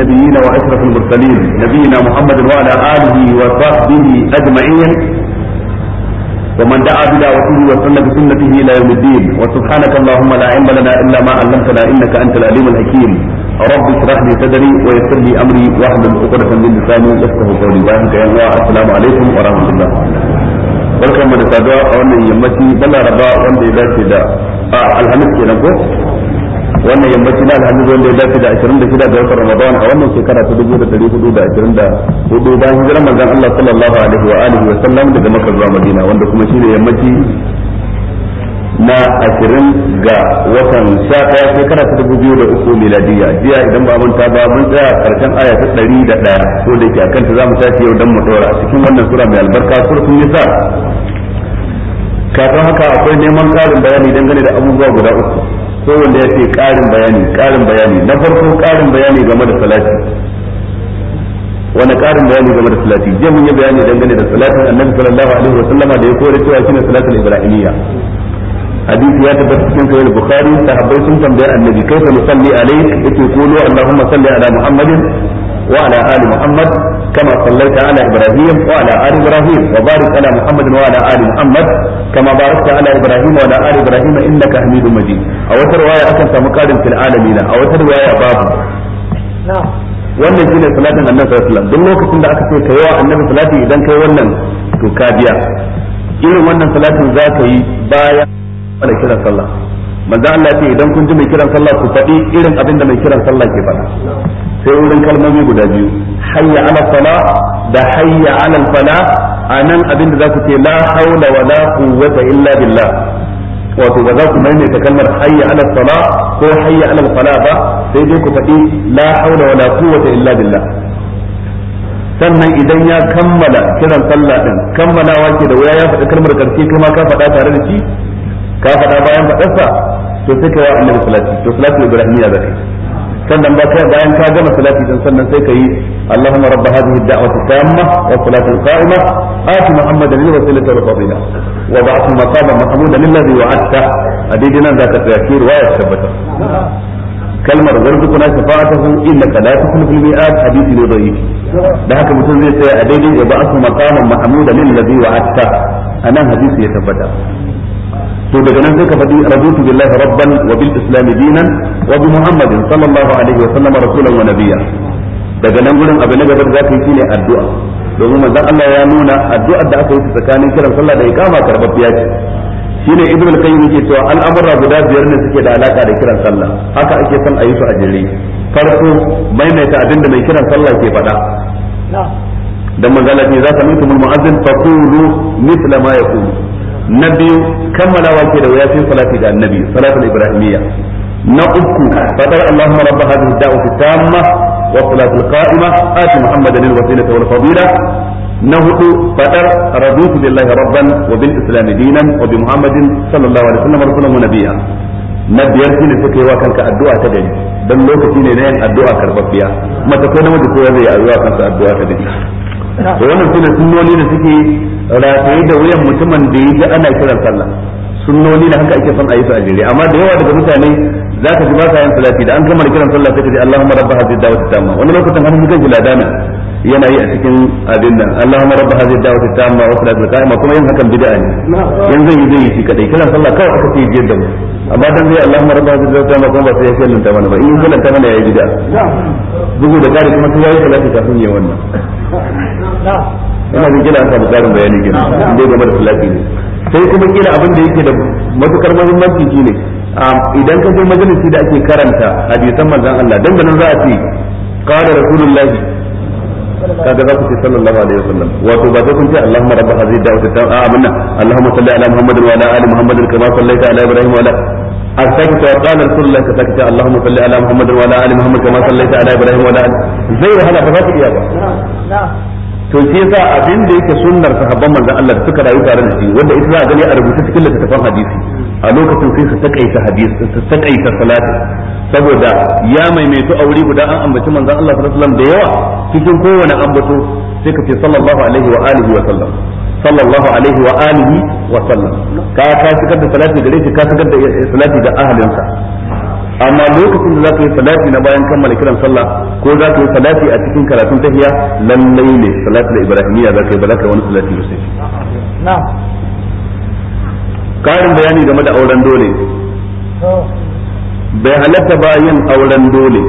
نبينا واشرف المرسلين نبينا محمد وعلى اله وصحبه اجمعين ومن دعا بدعوته وسن بسنته الى يوم الدين وسبحانك اللهم لا علم لنا الا ما علمتنا انك انت العليم الحكيم رب اشرح لي صدري ويسر لي امري واحلل عقدة من لساني يفقه قولي وانت يا الله السلام عليكم ورحمه الله barkan من تابع saduwa يمتي wannan yammaci na laraba wanda ya dace da wannan yammaci na alhamdu wanda ya dace da 26 ga watan Ramadan a wannan shekara ta da bayan hijirar manzon Allah sallallahu alaihi wa alihi wa sallam daga Makka zuwa Madina wanda kuma shine yammaci na ashirin ga watan sha ɗaya shekara ta dubu biyu da uku miladiya jiya idan ba manta ba mun tsaya karshen aya ta dari da ɗaya ko da ke akan ta za mu tashi yau dan mu ɗora cikin wannan sura mai albarka suratun nisa kafin haka akwai neman ƙarin bayani dangane da abubuwa guda uku ko wanda ya ce ƙarin bayani ƙarin bayani na farko ƙarin bayani game da salati wani ƙarin bayani game da salati je mun yi bayani dangane da salatin annabi sallallahu alaihi wa sallama da ya kore cewa shine al ibrahimiyya hadisi ya tabbata cikin kawai bukhari sahabbai sun tambaya annabi kaifa nusalli alayk yace qulu allahumma salli ala muhammadin وعلى آل محمد كما صليت على إبراهيم وعلى آل إبراهيم وبارك على محمد وعلى آل محمد كما باركت على إبراهيم وعلى آل إبراهيم إنك حميد مجيد أو رواية أكثر مقارن في العالمين أو رواية باب نعم wannan shine salatin annabi sallallahu alaihi duk lokacin da aka ce ka yawa annabi salati idan kai wannan to ka biya irin wannan salatin za ka yi bayan wala kiran sallah manzo Allah ya ce idan kun ji mai kiran sallah ku faɗi irin abin da mai kiran sallah ke faɗa sai wurin kalmomi guda biyu hayya ala sala da hayya ala fala a abin da za ku ce la haula wa la quwwata illa billah wato ba za ku maimaita kalmar hayya ala sala ko hayya ala fala ba sai dai ku faɗi la haula wa la quwwata illa billah sannan idan ya kammala kiran sallah din kammalawa ke da wuya ya faɗi kalmar karshe kai ma ka faɗa tare da shi ka faɗa bayan faɗarsa to sai kai wa annabi salati to salatu ibrahimiyya zakai sannan ba bayan ka gama salati dan sannan sai ka kai Allahumma rabb hadhihi ad-da'wati tamma wa salati al-qa'ima ati muhammadan lil wasilati wal fadila wa ba'ath maqaman mahmudan alladhi wa'adta adidi nan zaka tsaya ki riwaya tabbata kalmar warzuquna shafa'atahu innaka la tukhlifu al-mi'ad hadithi ne dhaif da haka mutum zai tsaya a daidai ya ba'ath maqaman mahmudan alladhi wa'adta anan hadisi ya tabbata to daga nan sai ka faɗi raditu billahi rabban wa bil islam dinan wa bi muhammadin sallallahu alaihi wa sallam rasulan wa nabiyya daga nan gurin abin na gaba da zaka yi shine addu'a domin manzon Allah ya nuna addu'ar da aka yi tsakanin kiran sallah da iqama karbabbiya ce shine ibnu al-qayyim yake cewa al'amura guda biyar ne suke da alaka da kiran sallah haka ake son a yi su a jere farko maimaita abin da mai kiran sallah ke faɗa dan manzon Allah ne za ka mutumul mu'azzin faqulu mithla ma yaqulu na biyu kammalawa ke da waya salati ga annabi salatul ibrahimiyya na uku fadar allahumma rabb hadhihi ad tamma wa ati muhammadan wal fadila na hudu fadar raditu billahi rabban wa bil islam dinan wa bi muhammadin sallallahu alaihi wasallam nabiyya na biyar shi ne suka yi wa kanka addu'a ta gari dan lokaci ne na yin addu'a karbabbiya mata ko namiji ko yi addu'a ta gari to wannan sunnoni da suke rataye da wuyan mutumin da ya ji ana kiran sallah sunnoni da haka ake son a yi su a jere amma da yawa daga mutane za ka ji ba sa yin salati da an gama da kiran sallah sai ka ji Allahumma rabba hadhihi da'wati tamma wani lokacin har mun kai ladana yana yi a cikin abin nan Allahumma rabba hadhihi da'wati tamma wa salatul qa'ima kuma yin hakan bid'a ne yanzu yi zai yi shi kadai kiran sallah kawai aka ce biyar da mu amma dan dai Allahumma rabba hadhihi da'wati tamma kuma ba sai ya kallon ta mana ba in kallon ta mana yayi bid'a bugu da gari kuma sai yayi salati kafin ya wannan ina jin kila samu karin bayani kenan dai game da salati ne sai kuma kila abin da yake da matukar muhimmanci shine ah, idan ka je majalisi da ake karanta hadisan manzon Allah dan ganin za a ce qala rasulullahi kaga za ku ce sallallahu alaihi wasallam wato ba sai kun ce allahumma rabb hadhihi da'wati ta a ah, amanna allahumma salli ala muhammad wa ala ali muhammad kama sallaita ala ibrahim wa ala asaki ta qala rasulullah ka saki allahumma salli ala muhammadin wa ala ali muhammad kama sallaita ala ibrahim wa ala ali zai hana ba ku iya ba to shi yasa abin da yake sunnar sahabban manzon Allah da suka rayu tare da shi wanda ita za a gani a rubuce cikin littattafan hadisi a lokacin sai su takaita hadisi su takaita salati saboda ya maimaito a wuri guda an ambaci manzon Allah sallallahu alaihi wasallam da yawa cikin kowane ambato sai ka ce sallallahu alaihi wa alihi wa sallam sallallahu alaihi wa alihi wa sallam ka ka shigar da salati gare shi ka shigar da salati ga ahalinsa amma lokacin da za ka yi salati na bayan kammala kiran sallah ko za ka yi salati a cikin karatun tahiya lallai ne da ibrahimiyya za ka yi ba za ka wani salati ba sai karin bayani game da auren dole bai halatta bayan yin auren dole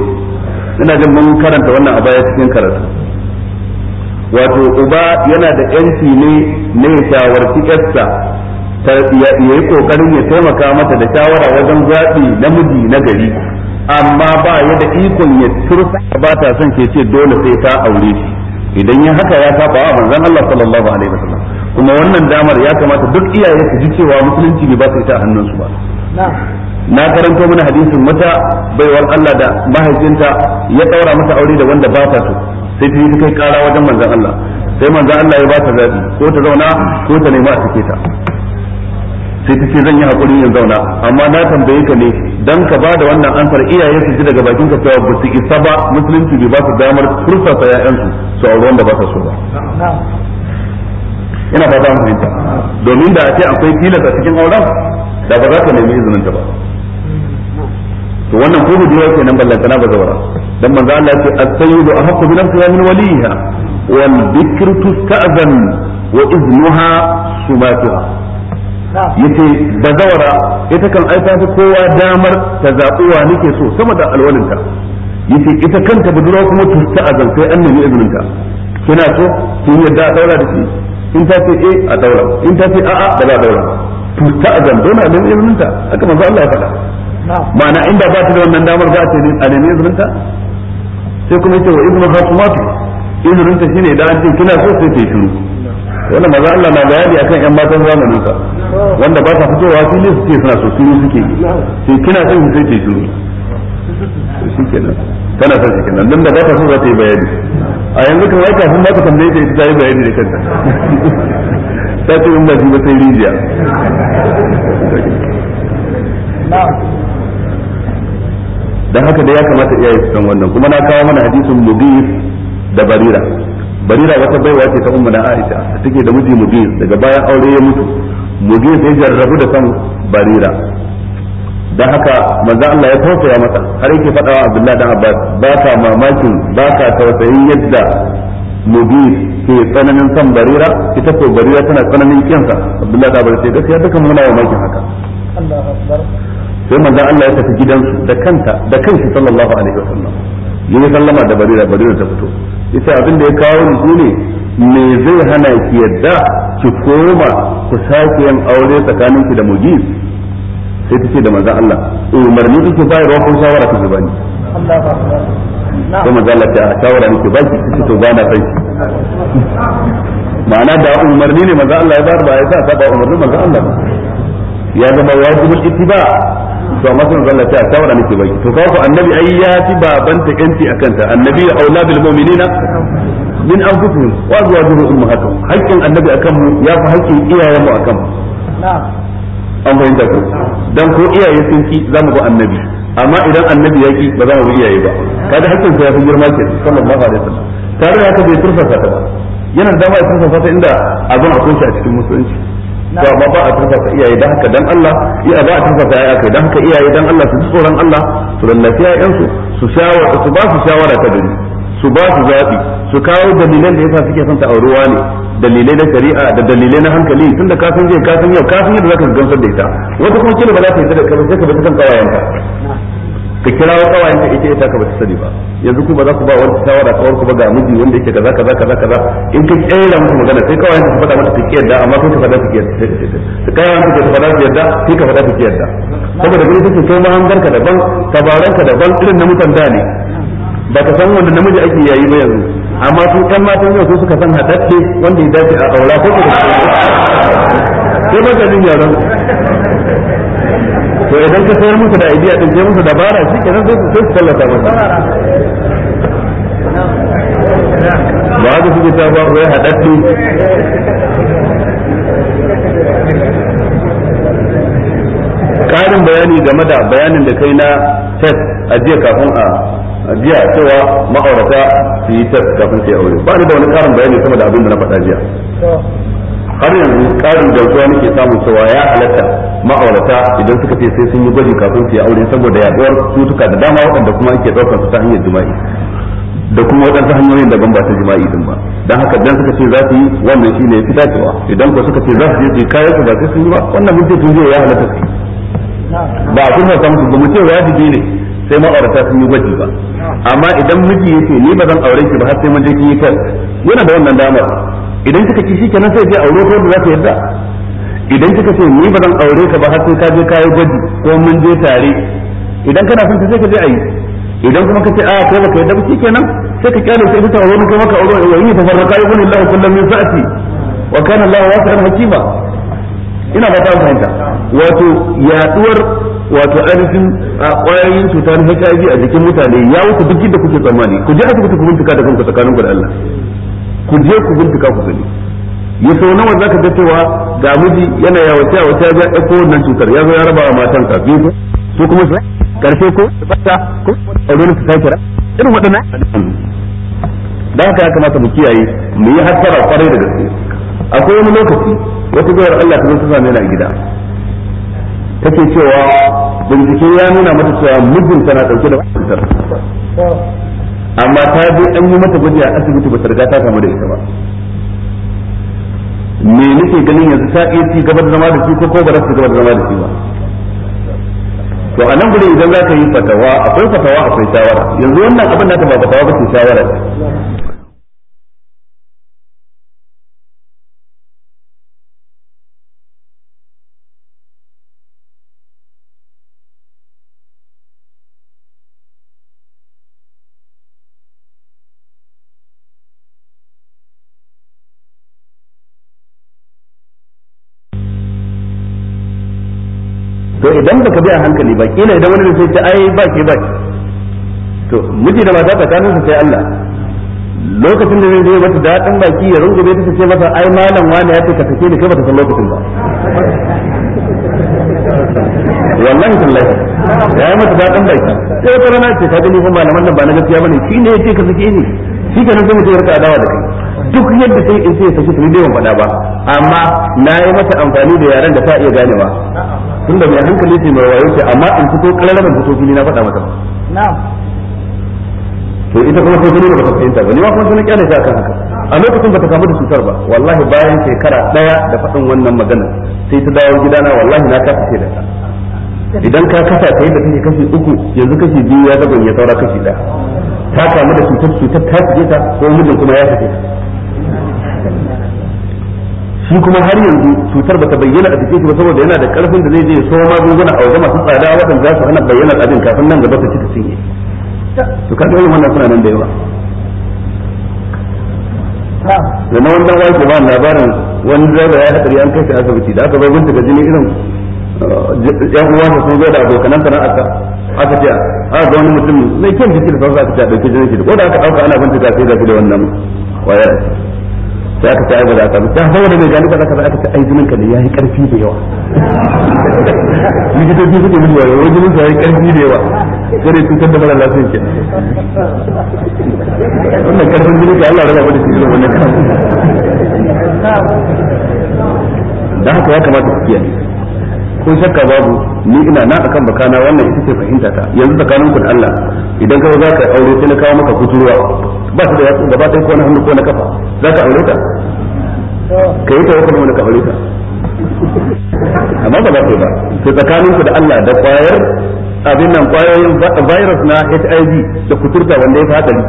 ina jin mun karanta wannan a baya cikin karatu wato uba yana da yanci ne na shawarci yarsa ya yi kokarin ya taimaka mata da shawara wajen zaɓi namiji na gari amma ba ya da ikon ya tursa ba ta son ke ce dole sai ta aure shi idan ya haka ya saba wa manzon Allah sallallahu alaihi wasallam kuma wannan damar ya kamata duk iyaye su ji cewa musulunci ne ba su ita hannunsu ba na karanto mana hadisin mata baiwar Allah da mahaifinta ya daura mata aure da wanda ba ta so sai ta yi kai kara wajen manzon Allah sai manzan Allah ya ba ta zabi ko ta zauna ko ta nemi a take ta sai ta ce zan yi hakuri in zauna amma na tambaye ka ne dan ka ba da wannan ansar iyaye su ji daga bakin ka cewa ba su isa ba musulunci bai ba su damar tursasa ƴaƴansu su auri wanda ba su so ba ina fata mun fahimta domin da a ce akwai tilas a cikin auren da ba za ka nemi izinin ta ba to wannan ko budurwa kenan na ba zawara dan manzo Allah ya ce as-sayyidu ahaqqu bi nafsiha min waliha wal bikru tusta'zan wa iznuha sumatuha yace zawara ita kan aita ta kowa damar ta zaɓuwa nake so sama da alwalinta yace ita kanta budurwa kuma tusta a zankai an nemi izininta kina so kin yadda a daura da shi in ta ce e a daura in ta ce a'a ba za a daura tusta a zan dole a nemi izininta haka manzo Allah ya faɗa ma'ana inda ba ta da wannan damar za a ce a nemi izininta sai kuma yace wa ibnu hasmatu izininta shine da an ce kina so sai ta yi shiru wannan maza Allah na bayani akan yan matan zamanin sa wanda ba ta fitowa fili suke suna so su suke sai kina son ki sai ki shiru shikenan tana son shikenan dan da ba ta so za ta yi bayani a yanzu kan aika sun ba ta tambaye ta ita yi bayani da kanta ta ce in ba ji ba sai rijiya dan haka da ya kamata iyaye su san wannan kuma na kawo mana hadisin mudif da barira barira wata baiwa ce ta umma na aisha ta take da miji mugiz daga bayan aure ya mutu mugiz ya jarrabu da san barira dan haka manzo Allah ya tausaya mata har yake fada wa Abdullahi dan Abbas ba ka mamakin ba ka tausayin yadda mugiz ke tsananin san barira ita ko barira tana tsananin kiyansa Abdullahi dan Abbas sai ya dukan muna mamakin haka Allah akbar sai manzo Allah ya tafi gidansu da kanta da kanshi sallallahu alaihi wasallam yayi sallama da barira barira ta fito ita abin da ya kawo ni shine me zai hana ki yadda ki koma ku sake yin aure tsakaninki da muji sai ta ce da manzon Allah umarni kike wa ko shawara kike bani sai manzon Allah ta shawara nake baki kike to na sai ma'ana da umarni ne manzon Allah ya bar ba ya sa ba umarni manzon Allah ya zama wajibul ittiba to amma sun zalla ta shawara nake baki to kawo annabi ai ya ci babanta yanci akan ta annabi ya aula bil mu'minina min anfusihim wa azwajuhu ummahatuhum haƙƙin annabi akan mu ya fi haƙƙin iyayen mu akan mu an fahimta ko dan ko iyaye sun ki za mu bi annabi amma idan annabi ya ki ba za mu bi iyaye ba kaga haƙƙin sa ya fi girma ke sallallahu alaihi wasallam tare da haka bai turfasa ta ba yana da dama ya turfasa ta inda abin akwai shi a cikin musulunci to ba a turfasa iyaye dan haka dan Allah ya ba a turfasa ya kai dan haka iyaye dan Allah su ji tsoron Allah su lallafi ƴaƴansu su shawara su ba su shawara ta gari su ba su zaɓi su kawo dalilan da yasa suke son ta auruwa ne dalilai na shari'a da dalilai na hankali tunda ka san je ka yau ka san yadda zaka gansar da ita wata kuma kila ba za ta yi da kai sai ka bi kan kawayenta ka kirawo kawayen ta ita ita ka bata sani ba yanzu ku ba za ku ba wani shawara kawar ku ba ga miji wanda yake kaza kaza kaza kaza in ka kera musu magana sai kawayen ta faɗa mata take yadda amma kai ka faɗa take yadda ta kawayen ta ta faɗa yadda kai ka faɗa take yadda saboda gani take kai hangar ka daban tabaran ka daban irin na mutan da ne ba ka san wanda namiji ake yayi ba yanzu amma su ɗan matan yau su suka san haɗaɗɗe wanda ya dace a aura ko ka ko ba ka jin yaron to idan ka sayar musu da idiya din sai musu dabara shi kenan sai su sai su tallata ba ba haka ta ba wai haɗaɗɗi ƙarin bayani game da bayanin da kai na test a jiya kafin a jiya cewa ma'aurata su yi test kafin su yi aure ba ni da wani karin bayani sama da abin da na faɗa jiya har yanzu karin da gamsuwa nake samun cewa ya halatta ma'aurata idan suka ce sai sun yi gwaji kafin su yi aure saboda yaduwar cutuka da dama waɗanda kuma ake ɗaukar su ta hanyar jima'i da kuma waɗansu hanyoyin daban ba ta jima'i din ba dan haka idan suka ce za su yi wannan ne yafi dacewa idan ko suka ce za su je su yi kayan su ba sai sun yi ba wannan mun ce tun jiya ya halatta su ba a kuma samu su mu ce ji ne sai ma'aurata sun yi gwaji ba amma idan miji ce ni ba zan aure ki ba har sai mun je kin yi kan yana da wannan damar idan kika ci shi kenan sai je aure ko da za ka yarda idan kika ce ni ba zan aure ka ba har sai ka je ka yi gwaji ko mun je tare idan kana son ta sai ka je ayi idan kuma ka ce a ah, kai ba ka yadda ba shi kenan sai ka kyale sai ta wani kai maka aure wa yi tafarraqa yaqulu Allah kullam min sa'ati wa kana Allah wasi'an hakima ina ba ta fahimta wato yaduwar wato ainihin ƙwayoyin cuta na HIV a jikin mutane ya wuce duk da kuke tsammani ku je asibiti ku bincika da kanku tsakanin ku da Allah ku je ku bincika ku sani ya sau nawa za ka ga cewa ga miji yana yawa ta yawa ta zai ɗauko wannan cutar ya zo ya raba wa matan ka biyu su kuma su karfe ko su fata ko a ne su sake ra irin waɗannan da haka ya kamata mu kiyaye mu yi hattara kwarai da gaske akwai wani lokaci wata gawar Allah ta zo ta same ni a gida take cewa bincike ya nuna mata cewa mijinta na ɗauke da cutar amma ta je an yi mata gwaji a asibiti ba ta riga ta kamu da ita ba me nake ganin yanzu ta iya ci gaba da zama da shi ko ko ba za su gaba da zama da shi ba to a nan gudun idan za ka yi fatawa akwai fatawa akwai shawara yanzu wannan abin ta ba fatawa ba ce shawara ina idan wani sai ce ai ba ke ba to miji da mata tsakanin su sai Allah lokacin da zai zo mata daɗin baki ya rungume ta ce masa ai malam wani ya ce ka take ni kai bata san lokacin ba wallahi tallahi ya yi mata daɗin baki sai ta rana ce ka gani kuma malaman nan ba na gaskiya bane shi ne yake ce ka sake ni shi kenan sai mutum ya rika adawa da kai duk yadda sai in sai saki tuni bai faɗa ba amma na yi mata amfani da yaren da ta iya ganewa tunda mai hankali ce mai wayo ce amma in fito kararraban fito fili na faɗa mata ba to ita kuma sai gani ba ta fahimta ba ni ma kuma sanin kyale ta kan haka a lokacin ba ta kamu da cutar ba wallahi bayan shekara daya da faɗin wannan magana sai ta dawo gidana wallahi na kasa ce da ta idan ka kasa ta yadda kake kashi uku yanzu kashi biyu ya zagon ya saura kashi daya ta kamu da cutar cutar ta fi ta ko mijin kuma ya fi ta shi kuma har yanzu cutar bata bayyana a cikin shi ba saboda yana da karfin da zai je so magunguna a wajen masu tsada waɗanda za su hana bayyana abin kafin nan gaba ta cika cinye to ka ga wannan suna nan da yawa da wannan wake ba labarin wani driver ya hadari an kai shi asibiti da aka bai bincika jini irin yan eh, uwa sun zo da abokanan ta aka aka ce a ah, ga wani mutum mai kyan jiki da sauransu aka ce a ɗauki jinin shi ko da aka ɗauka ana bincika sai ga shi da wannan wayar sai aka sai ba za ka ta saboda bai gani kaza kaza aka ta aizinin ka ne yi karfi da yawa likitoci suke mutuwa ya wani jinin ya yi karfi da yawa sai cutar da mara lafiyar ke wannan karfin jini ka Allah raba da cikin wannan kan da haka ya kamata su kiyaye ko shakka babu ni ina na akan bakana wannan ita ce fahimta ta yanzu tsakanin ku da Allah idan ka za ka aure sai na kawo maka kuturwa ba su da yatsu gaba ɗaya ko na hannu ko na kafa za ka aure ta ka yi tawakkal wani ka aure ta amma ba za ba sai tsakanin ku da Allah da kwayar abin nan kwayoyin virus na HIV da kuturta wanda ya fi hadari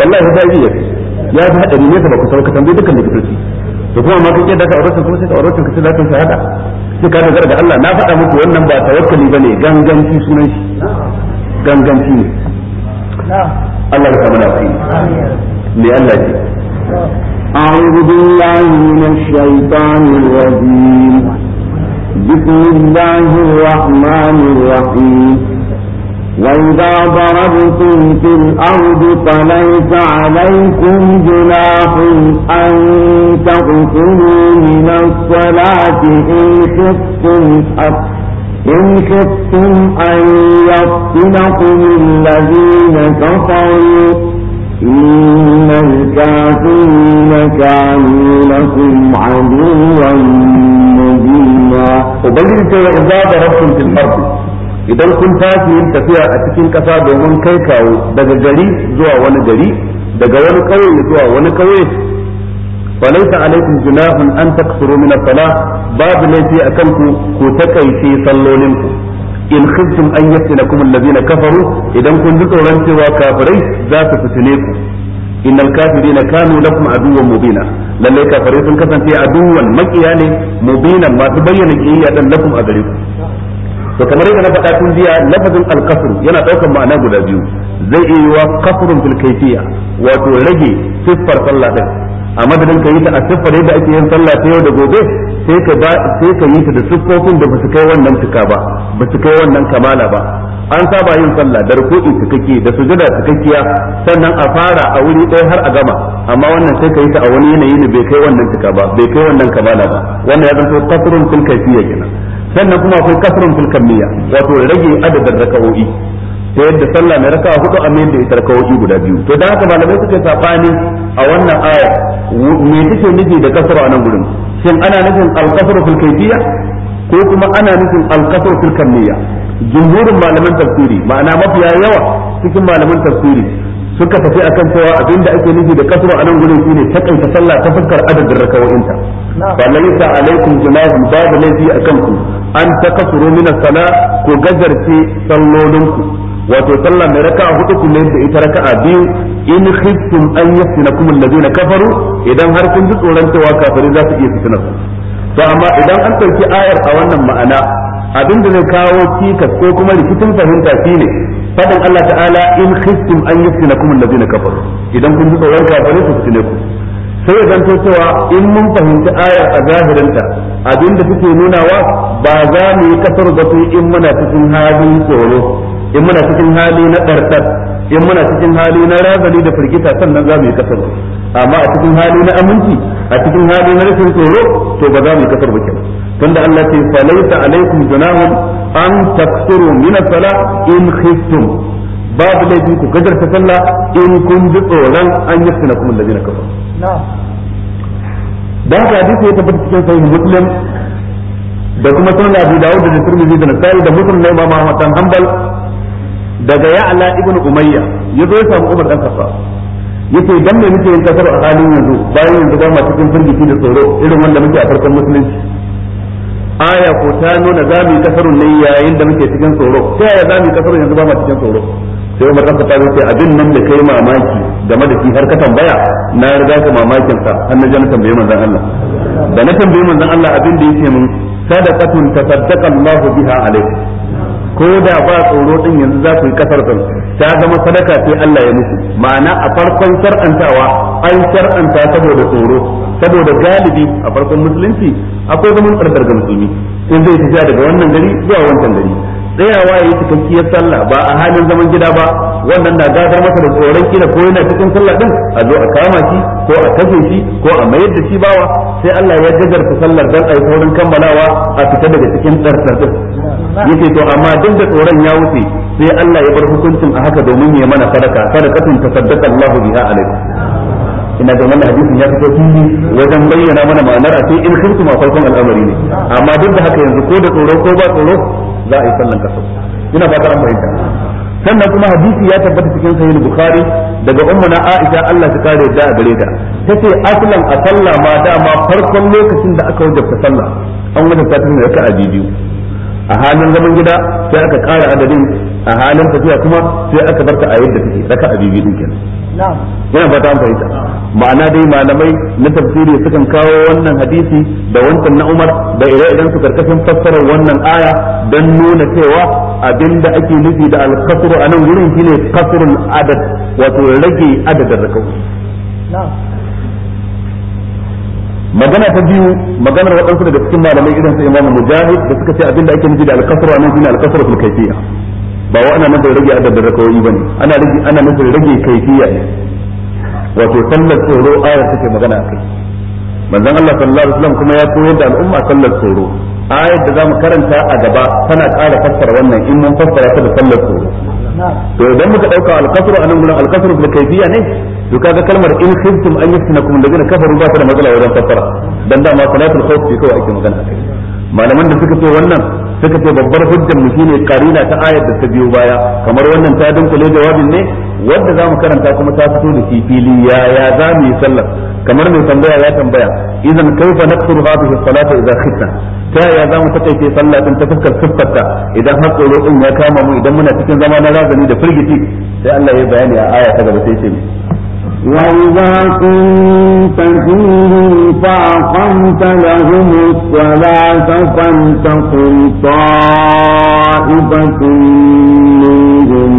wallahi HIV ya fi ya fi hadari ne ba ku sauka tambayi dukkan likitoci to kuma ma kake da ka aure ka kuma sai ka aure ka sai za ka shahada sai ka dogara Allah na faɗa muku wannan ba tawakkali bane ganganci sunan shi ganganci ne Allah ya samu lafi me Allah ce أعوذ بالله من الشيطان الرجيم بسم الله الرحمن الرحيم وإذا ضربتم في الأرض فليس عليكم جناح أن تغفلوا من الصلاة إن خفتم إن خفتم أن يفتنكم الذين كفروا إن الكافرين كانوا لكم عدوا مبينا وبين إذا ضربتم في الأرض idan kun tashi yin tafiya a cikin kasa domin kai kawo daga gari zuwa wani gari daga wani kauye zuwa wani kauye falaita alaikum junahun an taksuru min as babu laifi akan ku ku takaice sallolin ku in khiftum an yaftinakum alladhina kafaru idan kun ji tsoron cewa kafirai za su fitine ku na kafirina kanu lakum aduwwan mubina lalle kafirai sun kasance aduwwan makiya ne mubina masu bayyana a dan lakum a gare ku to kamar yadda na faɗa tun jiya lafazin alkasr yana ɗaukar ma'ana guda biyu zai iya yiwa kasrun fil wato rage siffar sallah din a madadin ka yi ta a siffar yadda ake yin sallah ta yau da gobe sai ka yi ta da siffofin da basu kai wannan tuka ba basu kai wannan kamala ba an saba yin sallah da ruku'i cikakke da sujada cikakkiya sannan a fara a wuri ɗaya har a gama amma wannan sai ka yi ta a wani yanayi ne bai kai wannan tuka ba bai kai wannan kamala ba wannan ya zanto kasrun fil kenan sannan kuma akwai kasrun fil kamiyya wato rage adadin raka'o'i ta yadda sallah mai raka'a hudu a mai da ita raka'o'i guda biyu to da haka malamai suka sabani a wannan aya me take nufi da kasru a nan gurin shin ana nufin al-kasru fil kayfiyya ko kuma ana nufin al-kasru fil kamiyya jumhurin malaman tafsiri ma'ana mafiya yawa cikin malaman tafsiri suka tafi akan cewa abinda ake nufi da kasru a nan gurin shine takaita sallah ta fuskar adadin raka'o'inta falaisa alaikum junahun babu laifi a kanku an takasuru min sala ko sallolin sallolinku wato sallah mai raka'a hudu ku da ita a biyu in khiftum an yaftinakum na kafaru idan har kun ji tsoron cewa kafari za su iya fitina to amma idan an ɗauki ayar a wannan ma'ana abin da zai kawo cikas ko kuma rikicin fahimta shine faɗin Allah ta'ala in khiftum an yaftinakum na kafaru idan kun ji tsoron kafari su fitine ku sai ya zanto cewa in mun fahimci ayar a zahirinta abinda suke nunawa ba za mu yi kasar ba sai in muna cikin hali tsoro in muna cikin hali na ɗartar in muna cikin hali na razali da firgita sannan za mu yi kasar amma a cikin hali na aminci a cikin hali na rashin tsoro to ba za mu yi kasar ba kenan tunda Allah ce falaita alaikum junahum an taksuru min as-salah in khiftum babu laifi ku ta sallah in kun ji tsoron an yi suna kuma allazina kafa. da haka hadisi ya tabbata cikin sahih muslim da kuma sunan abu dawud da tirmidhi da nasai da muslim na imam ahmad dan hanbal daga ya'la ibnu umayya yazo ya samu umar dan khattab yace dan me muke yin kasar a halin yanzu bayan yanzu ba ma cikin firgici da tsoro irin wanda muke a farkon musulunci aya ko ta nuna za kasarun ne yayin da muke cikin tsoro sai ya za mu kasarun yanzu ba ma cikin tsoro sai Umar dan Khattab abin nan da kai mamaki game da shi har ka tambaya na riga ka mamakin sa har na jana tambaye manzon Allah da na tambaye manzon Allah abin da yake mun sadaqatun tasaddaqa Allahu biha alayk ko da ba tsoro din yanzu za ku yi kasar ta zama sadaka sai Allah ya muku ma'ana a farkon shar'antawa an shar'anta saboda tsoro saboda galibi a farkon musulunci akwai zaman tsardar ga musulmi in zai tafiya daga wannan gari zuwa wancan gari tsayawa ya yi cikakkiyar sallah ba a halin zaman gida ba wannan na gadar masa da tsoron kila ko yana cikin sallah din a zo a kama shi ko a kashe shi ko a mayar da shi bawa sai Allah ya gajarta sallar dan ai saurin kammalawa a fita daga cikin tsartsar din yace to amma duk da tsoron ya wuce sai Allah ya bar hukuncin a haka domin ya mana sadaka sadaqatun tasaddaqa Allahu biha alaikum ina da wannan hadisin ya fito fili wajen bayyana mana ma'anar a sai in kuntum farkon al'amari ne amma duk da haka yanzu ko da tsoro ko ba tsoro za a yi sallan kasar ina fata an fahimta sannan kuma hadisi ya tabbata cikin sahih bukhari daga ummuna aisha Allah ta kare da a gare ta tace aslan a sallah ma dama farkon lokacin da aka wajabta sallah an wajabta ta a raka'a biyu a halin zaman gida sai aka kara adadin a halin tafiya kuma sai aka barta a yadda take raka'a a din kenan yana fata an fahimta ma'ana dai malamai na tafsiri sukan kawo wannan hadisi da wancan na Umar da ire idan su karkashin fassarar wannan aya don nuna cewa abinda ake nufi da alkasru a nan wurin shine kasrul adad wato rage adadin rakau magana ta biyu maganar waɗansu daga cikin malamai irin su imamu Mujahid da suka ce abinda ake nufi da alkasru a nan shine alkasru fil ba wa ana nufin rage adadin rakawoyi bane ana ana nufin rage kaifiya ne wato sallar tsoro ayar take magana akai manzon Allah sallallahu alaihi wasallam kuma ya koyar da al'umma sallar tsoro ayar da zamu karanta a gaba tana ƙara fassara wannan in mun fassara ta da sallar tsoro to idan muka dauka al-kasru anan gurin al-kasru bil ne to kaga kalmar in khiftum an yaftinakum alladhina kafaru ba ta da matsala wajen fassara dan da ma salatul khawf ce kawai ake magana kai. malaman da suka ce wannan suka ce babbar hujjar mu shine karina ta ayar da ta biyo baya kamar wannan ta dunkule jawabin ne wanda zamu karanta kuma ta fito da shi fili ya ya za mu yi sallar kamar mai tambaya ya tambaya idan kaifa naqsuru hadhihi salata idan khifna ta ya za mu takaice sallah din ta fuskar siffarta idan har tsoro din ya kama mu idan muna cikin zama na razani da firgiti sai Allah ya bayani a aya ta gaba sai ce وإذا كنت فيهم فأقمت لهم الصلاة فلتقم طائفة منهم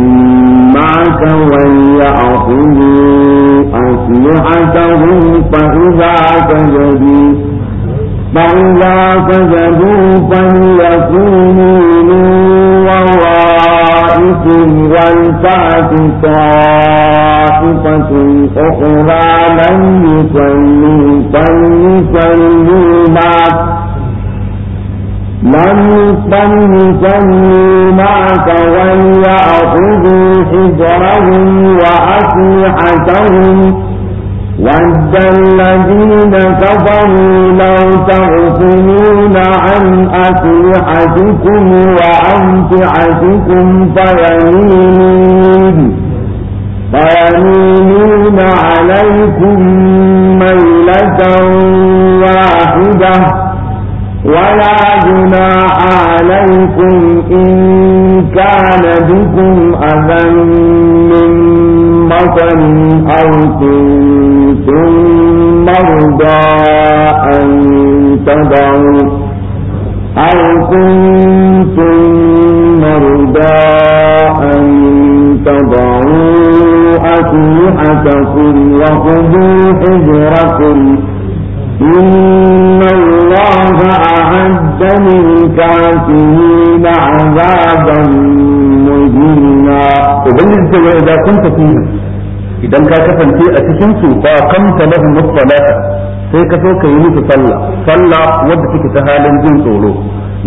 معك وليأخذوا أسلحتهم فإذا سجدوا فإذا سجدوا فليكونوا من وراء بعدكم ولتعت طائفة أخرى لم يصلوا فليصلوا معك لم يصلوا معك وليأخذوا حجرهم وأسلحتهم ود الذين كفروا لو تغفلون عن أسلحتكم وأمتعتكم فيميلون فيميلون عليكم ميلة واحدة ولا جناح عليكم إن كان بكم أذى من مطر أو كنت ثم ارضى أن تضعوا أو كنتم مرضى أن تضعوا أسلحتكم وخذوا حجركم إن الله أعد للكافرين عذابا مهينا وبين الزواج إذا كنت فيهم idan ka kasance a cikin su ba kamta lahum musallata sai ka so ka yi musu sallah sallah wadda take ta halin jin tsoro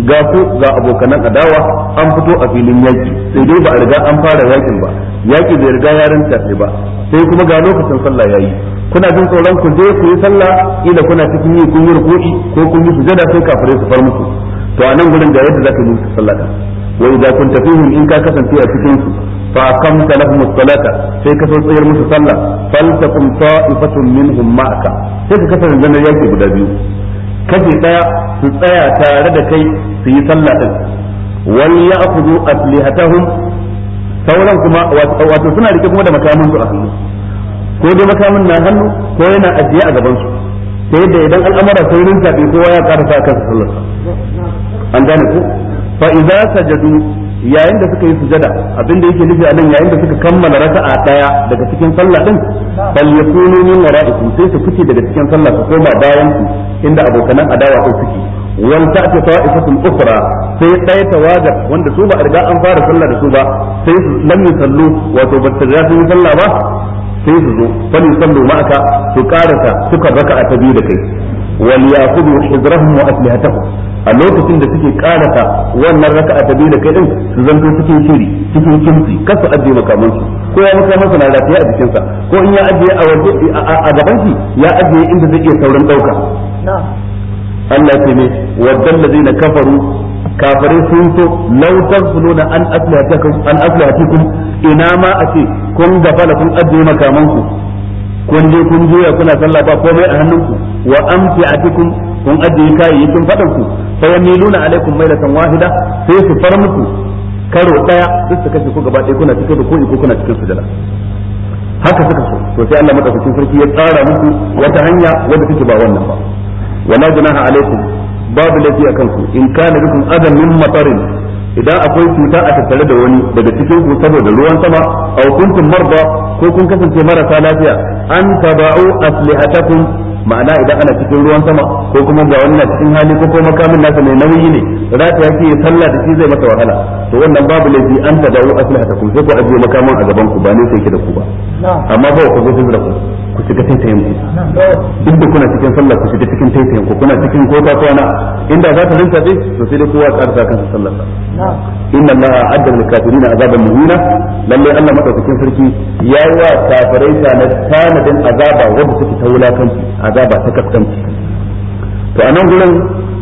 ga su ga abokanan adawa an fito a filin yaki sai dai ba a riga an fara yakin ba yaki bai riga yaran tafi ba sai kuma ga lokacin sallah yayi kuna jin tsoron ku je ku yi sallah ila kuna cikin yi kun yi ruku'i ko kun yi sujada sai kafare su far musu to a nan gurin ga yadda zaka yi musu sallah da wai da kun tafi in ka kasance a cikin su fa akamta lahum as-salata sai ka tsayar musu sallah faltakum ta'ifatun minhum ma'aka sai ka kasar zanar yaki guda biyu kashi daya su tsaya tare da kai su yi sallah din wal ya'khudhu aslihatahum sauran kuma wato suna rike kuma da makamin su a hannu ko dai makamin na hannu ko yana ajiye a gaban su ta yadda idan al'amara sai rin tafi kowa ya karasa kansa sallar an gane ku fa idza sajadu yayin da suka yi sujada abin da yake nufi a nan yayin da suka kammala raka'a daya daga cikin sallah din bal yakunu min wara'ikum sai su fice daga cikin sallah su koma bayan ku inda abokan adawa ko suke wal ta'ti ta'ifatun ukhra sai dai tawaga wanda su ba a riga an fara sallah da su ba sai su lam yusallu wato ba su riga sun yi sallah ba sai su zo fal yusallu ma'aka su karasa suka raka'a ta biyu da kai wal ya'khudhu hizrahum wa aslihatahum a lokacin da suke karata wannan raka a biyu da kai din su zanto suke shiri cikin kimsi kar su ajiye makaman su ko ya muka masa lafiya a jikin ko in ya ajiye a waje a gaban shi ya ajiye inda zai iya sauran dauka Allah ya ce ne waddal ladina kafaru kafare sun so lautar fuluna an ina ma a ce kun da kun ajiye ku kun je kun juya kuna sallah ba komai a hannunku wa cikin kun ajiye kayayyakin ku. fa yamiluna alaikum mailatan wahida sai su far muku karo daya duk su kashe ku gaba ɗaya kuna cikin ruku'i ko kuna cikin sujada haka suka so to sai Allah madaukakin sarki ya tsara muku wata hanya wadda take ba wannan ba wala junaha alaikum babu laifi akan ku in kana bikum adam min matarin idan akwai cuta a tattare da wani daga cikin ku saboda ruwan sama au kuntum marda ko kun kasance marasa lafiya an taba'u aslihatakum ma'ana idan ana cikin ruwan sama ko kuma ga wani na cikin hali ko kuma makamin nasa mai nauyi ne rata yake ya sallah da shi zai masa wahala to wannan babu laifi an ta dawo aslihatakum sai ku ajiye makamin a gaban ku ba ne sai ki da ku ba amma ba ku zo ku da ku ku shiga taitayen ku duk da kuna cikin sallah ku shiga cikin taitayen ku kuna cikin kota kwana inda za ta rinka dai to sai dai kowa tsarsa kansa sallar sa inna allah adda lil kafirin azaban muhina lalle Allah madaukakin sarki ya yi wa kafirai tanadin azaba wanda take ta wulakanci azaba ta kaskanci to anan gurin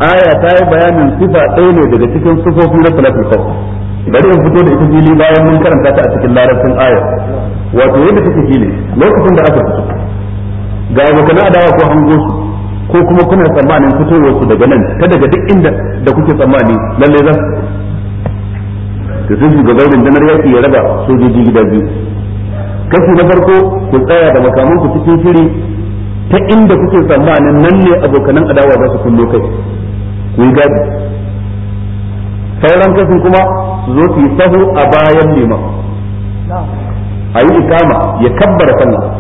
aya ta yi bayanin sifa ɗaya ne daga cikin sifofi na salatul khawf bari in fito da ita fili bayan mun karanta ta a cikin larabcin aya wato yadda take fili lokacin da aka fito ga abokan adawa ko hango su ko kuma kuna tsammanin fitowar su daga nan ta daga duk inda da kuke tsammani lalle za su sun shiga shugaban rundunar yaki ya raba sojoji gida biyu kashi na farko ku tsaya da makaman ku cikin shiri ta inda kuke tsammanin nan ne abokan adawa za su kullo kai ku yi gadi sauran kasin kuma su zo su yi sahu a bayan neman a yi ikama ya kabbara sallah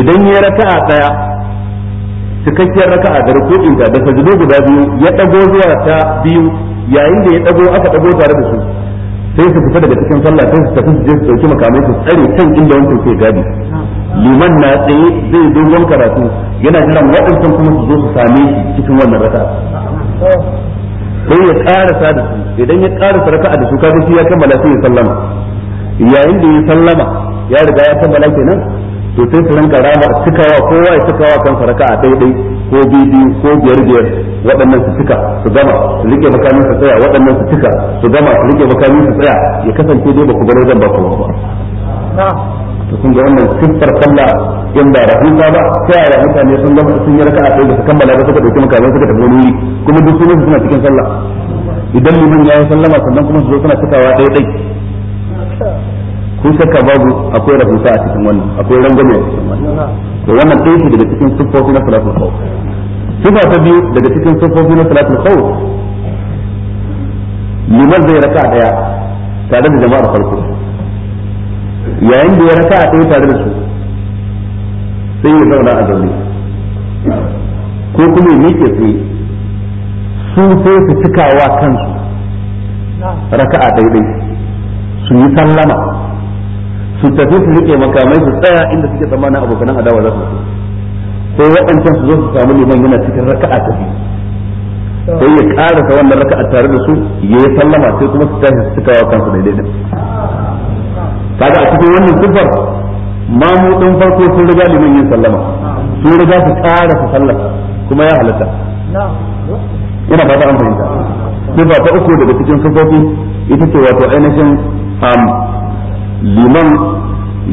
idan ya a daya cikakkiyar raka'a da inda da sajido guda biyu ya dago zuwa ta biyu yayin da ya dago aka dago tare da su sai su fita daga cikin sallah sai su tafi su je su dauki makamai su tsare kan inda wancan ke gadi liman na tsaye zai dogon karatu yana jiran waɗancan kuma su zo su same shi cikin wannan raka. sai ya karasa da su idan ya karasa saraka da su kafin shi ya kammala sai ya sallama yayin da ya sallama ya riga ya kammala kenan to sai su ranka rama cikawa kowa ya cikawa kan faraka a daidai ko bibi ko biyar biyar waɗannan su cika su gama su rike makamin su tsaya waɗannan su cika su gama su rike makamin su tsaya ya kasance dai ba ku gano zan ba ku ba to kun ga wannan siffar sallah in ba rahusa ba ta yaya mutane sun gama sun yi raka'a sai da su kammala ba suka dauki makamai suka tafi wuri kuma duk sun suna cikin sallah idan liman ya yi sallama sannan kuma su zo suna cikawa ɗaya ɗai kun shakka babu akwai rahusa a cikin wannan akwai rangwame a cikin wannan to wannan ɗaya ce daga cikin siffofi na salatul khawf sifa ta biyu daga cikin siffofi na salatul khawf liman zai raka'a ɗaya tare da jama'ar farko yayin da ya raka'a ɗaya tare da su sai ya zauna a zaune ko kuma yi ke tsaye su sai su cikawa kansu raka'a daidai su yi sallama su tafi su rike makamai su tsaya inda suke tsammanin abokanan adawa za su so sai waɗancan su zo su samu liman yana cikin raka'a ta biyu sai ya karasa wannan raka'a tare da su ya yi sallama sai kuma su tafi su cikawa kansu daidai din kaga a cikin wannan sifar mu dan farko sun riga liman yin sallama sun riga su tsara su sallama kuma ya halatta ina ba ta an fahimta sifa ta uku daga cikin sifofi ita ce wato ainihin liman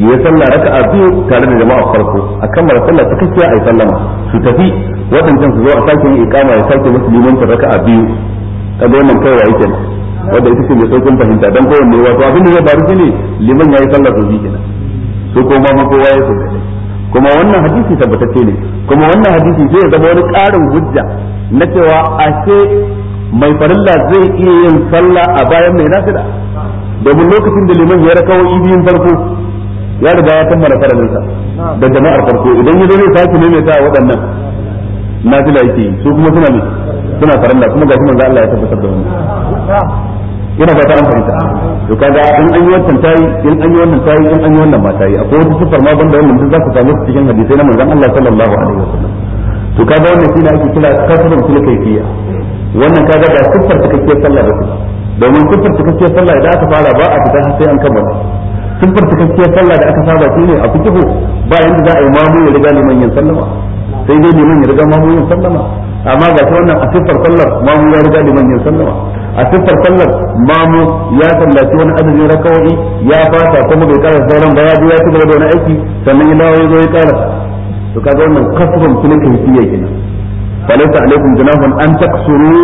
ya sallah raka'a biyu tare da jama'a farko a kammala sallah ta kafiya a yi sallama su tafi waɗancan su zo a sake yin ikama ya sake musu raka raka'a biyu ga wannan kai wa yake wanda ita ce mai saukin fahimta dan kowanne wato abin da ya faru ne liman ya sallah sallar bi kenan su kuma ma kowa ya so kadai kuma wannan hadisi tabbatacce ne kuma wannan hadisi zai zama wani ƙarin hujja na cewa ashe mai farilla zai iya yin sallah a bayan mai nasira domin lokacin da liman ya rakawo biyun farko ya riga ya kammala sa da jama'ar farko idan ya zo zai sake ta waɗannan nafila yake yi su kuma suna ne suna farilla kuma ga shi manzo Allah ya tabbatar da wannan yana fata an fahimta to kaga in an yi wannan tayi in an yi wannan tayi in an yi wannan ma tayi akwai wata sifar ma banda wannan duk zaka samu cikin hadisai na manzon Allah sallallahu alaihi wasallam to kaga wannan shine ake kira kasrun fil kayfiyya wannan kaga ba siffar cikakkiyar sallah ba domin siffar cikakkiyar sallah idan aka fara ba a fita sai an kammala siffar cikakkiyar sallah da aka saba shine a fikihu ba yanda za a yi mamu ya riga liman yin sallama sai dai liman ya riga mamu yin sallama amma ga ta wannan a siffar sallar mamu ya riga liman yin sallama a siffar sallar mamu ya sallaci wani adadin rakawai ya fata kuma bai kara sauran ba ya ya ci gaba da wani aiki sannan ya dawo ya zo ya kara to kaga wannan kasrun kuma fiye kenan falaita alaikum junahun an taksuru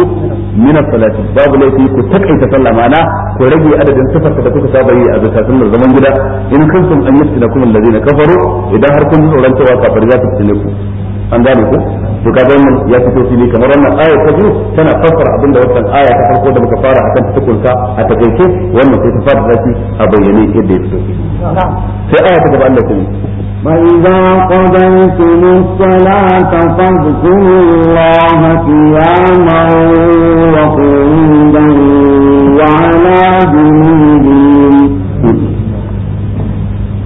min as-salati babu laifi ku takaita sallah mana ku rage adadin siffar da kuka saba yi a zakatun da zaman gida in kuntum an yaftina kum alladhina kafaru idan har kun tsoron cewa kafir za ta fitine ku an gane ku to kaga ya fito fili kamar wannan aya ta biyu tana fassara abin da wannan aya ta farko da muka fara akan tukunta a takaice wannan sai ta fara zaki a bayyane yadda ya fito sai aya ta gaba Allah kuma فإذا قضيتم الصلاة فاذكروا الله قياما وقعودا وعلى جنوبكم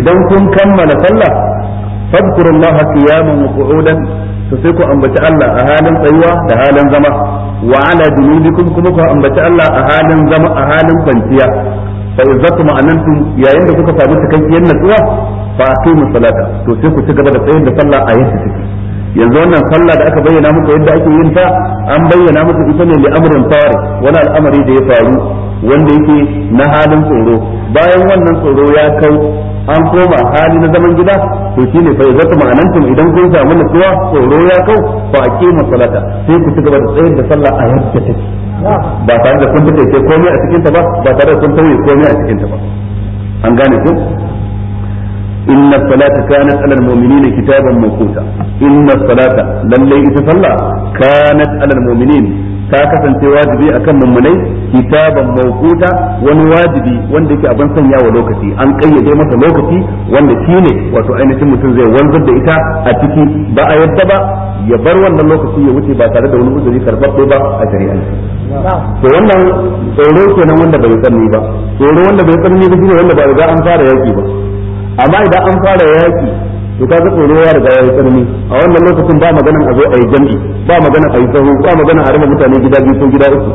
idan kun kammala sallah fadkurullaha qiyaman wa qu'udan to sai ku ambaci Allah a halin tsayuwa da halin zama wa ala junubikum kuma ku ambaci Allah a halin zama a halin kwanciya fa izzatu ma'anantum yayin da kuka samu cikakkiyar natsuwa fa aqimu salata to sai ku ci gaba da tsayar da sallah a yadda yanzu wannan sallah da aka bayyana muku yadda ake yin ta an bayyana muku ita ne li amrin tari wani al'amari da ya faru wanda yake na halin tsoro bayan wannan tsoro ya kau an koma hali na zaman gida to ne bai zata ma'anantum idan kun samu nutsuwa tsoro ya kau a aqimu salata sai ku ci gaba da tsayar da sallah a yadda take ba tare da kun ke komai a cikin ba ba tare da kun tauye komai a cikin ba an gane ku إن الصلاة كانت على المؤمنين كتابا موقوتا إن الصلاة لن ليس صلى كانت على المؤمنين ta kasance wajibi akan mummunai kitaban mawquta wani wajibi wanda yake abin sanya wa lokaci an kayyade masa lokaci wanda shine wato ainihin mutum zai wanzar da ita a ciki ba a yadda ba ya bar wannan lokaci ya wuce ba tare da wani uzuri karɓaɓɓe ba a shari'a to wannan tsoro kenan wanda bai tsanni ba tsoro wanda bai tsanni ba shine wanda ba riga an fara yaki ba amma idan an fara yaki to kaga tsoro ya riga ya yi tsarni a wannan lokacin ba maganan a zo a yi jam'i ba maganan a yi sahu ba maganan a rama mutane gida biyu ko gida uku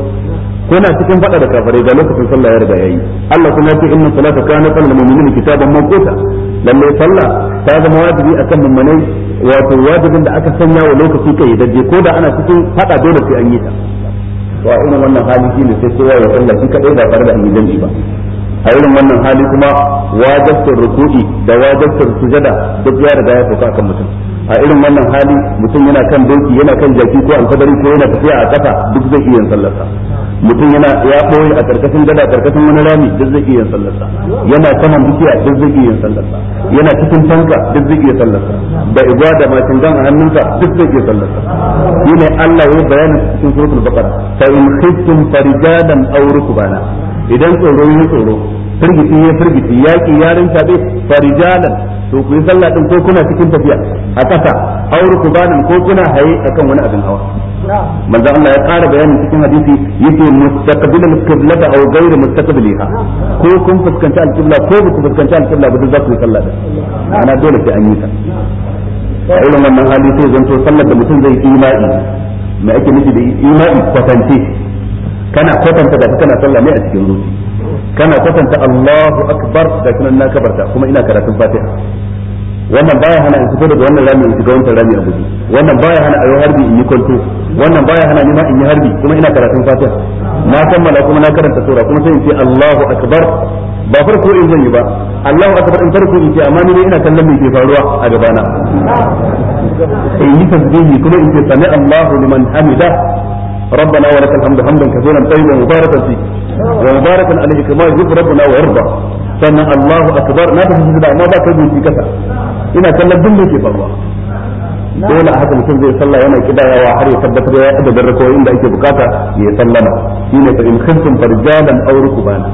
kuna cikin faɗa da kafare ga lokacin sallah ya riga yi Allah kuma ce inna salata kana qala mu'minina kitaban mawquta lalle sallah ta zama wajibi akan mummunai wato wajibin da aka sanya wa lokaci kai daje ko da ana cikin faɗa dole sai an yi ta wa irin wannan hali shine sai kowa ya sallah shi kadai ba tare da an yi jam'i ba a irin wannan hali kuma wajabtar ruku'i da wajabtar sujada duk ya riga ya sauka akan mutum a irin wannan hali mutum yana kan doki yana kan jaki ko alfadari ko yana tafiya a kasa duk zai iya sallarsa mutum yana ya koyi a karkashin gada karkashin wani rami duk zai iya sallarsa yana saman dukiya duk zai iya sallarsa yana cikin tanka duk zai iya sallarsa da igwa da matin gan a hannunsa duk zai iya sallarsa shine Allah ya bayani cikin suratul baqara fa in khiftum farijadan aw rukbana idan tsoro yi tsoro firgiti ya firgiti yaƙi ya rinta bai farijalan to ku yi sallah ɗin ko kuna cikin tafiya a ƙasa auru ku banin ko kuna haye akan wani abin hawa manzo Allah ya ƙara bayanin cikin hadisi yace mustaqbil al-qiblata aw ghayr mustaqbiliha ko kun fuskanci al-qibla ko ba ku fuskanci al-qibla ba za ku yi sallah ɗin ana dole sai an yi ta a irin wannan hali sai zanto sallar da mutum zai yi imani ma ake nufi da imani kwatance kana kwatanta da kana sallah ne a cikin zuci kana kwatanta Allahu akbar da kana na kabarta kuma ina karatun Fatiha wannan baya hana in fito daga wannan rami in shiga wannan rami a guji wannan baya hana ayo harbi in yi kwanto wannan baya hana ni ma in yi harbi kuma ina karatun Fatiha na kammala kuma na karanta sura kuma sai in ce Allahu akbar ba farko in zan yi ba Allahu akbar in farko in ce amma ni ina kallon me ke faruwa a gabana in yi tasbihi kuma in ce sami Allahu liman hamida ربنا ولك الحمد حمدا كثيرا طيبا مباركا فيه ومباركا عليه كما يحب ربنا ويرضى sannan Allahu akbar na tafi sujada amma ba kai gunki kasa ina kallon duk da ke faruwa dole a haka mutum zai sallah yana kidayawa har ya tabbatar ya da rakoyin da ake bukata ya sallama shine fa farjalan aw rukbana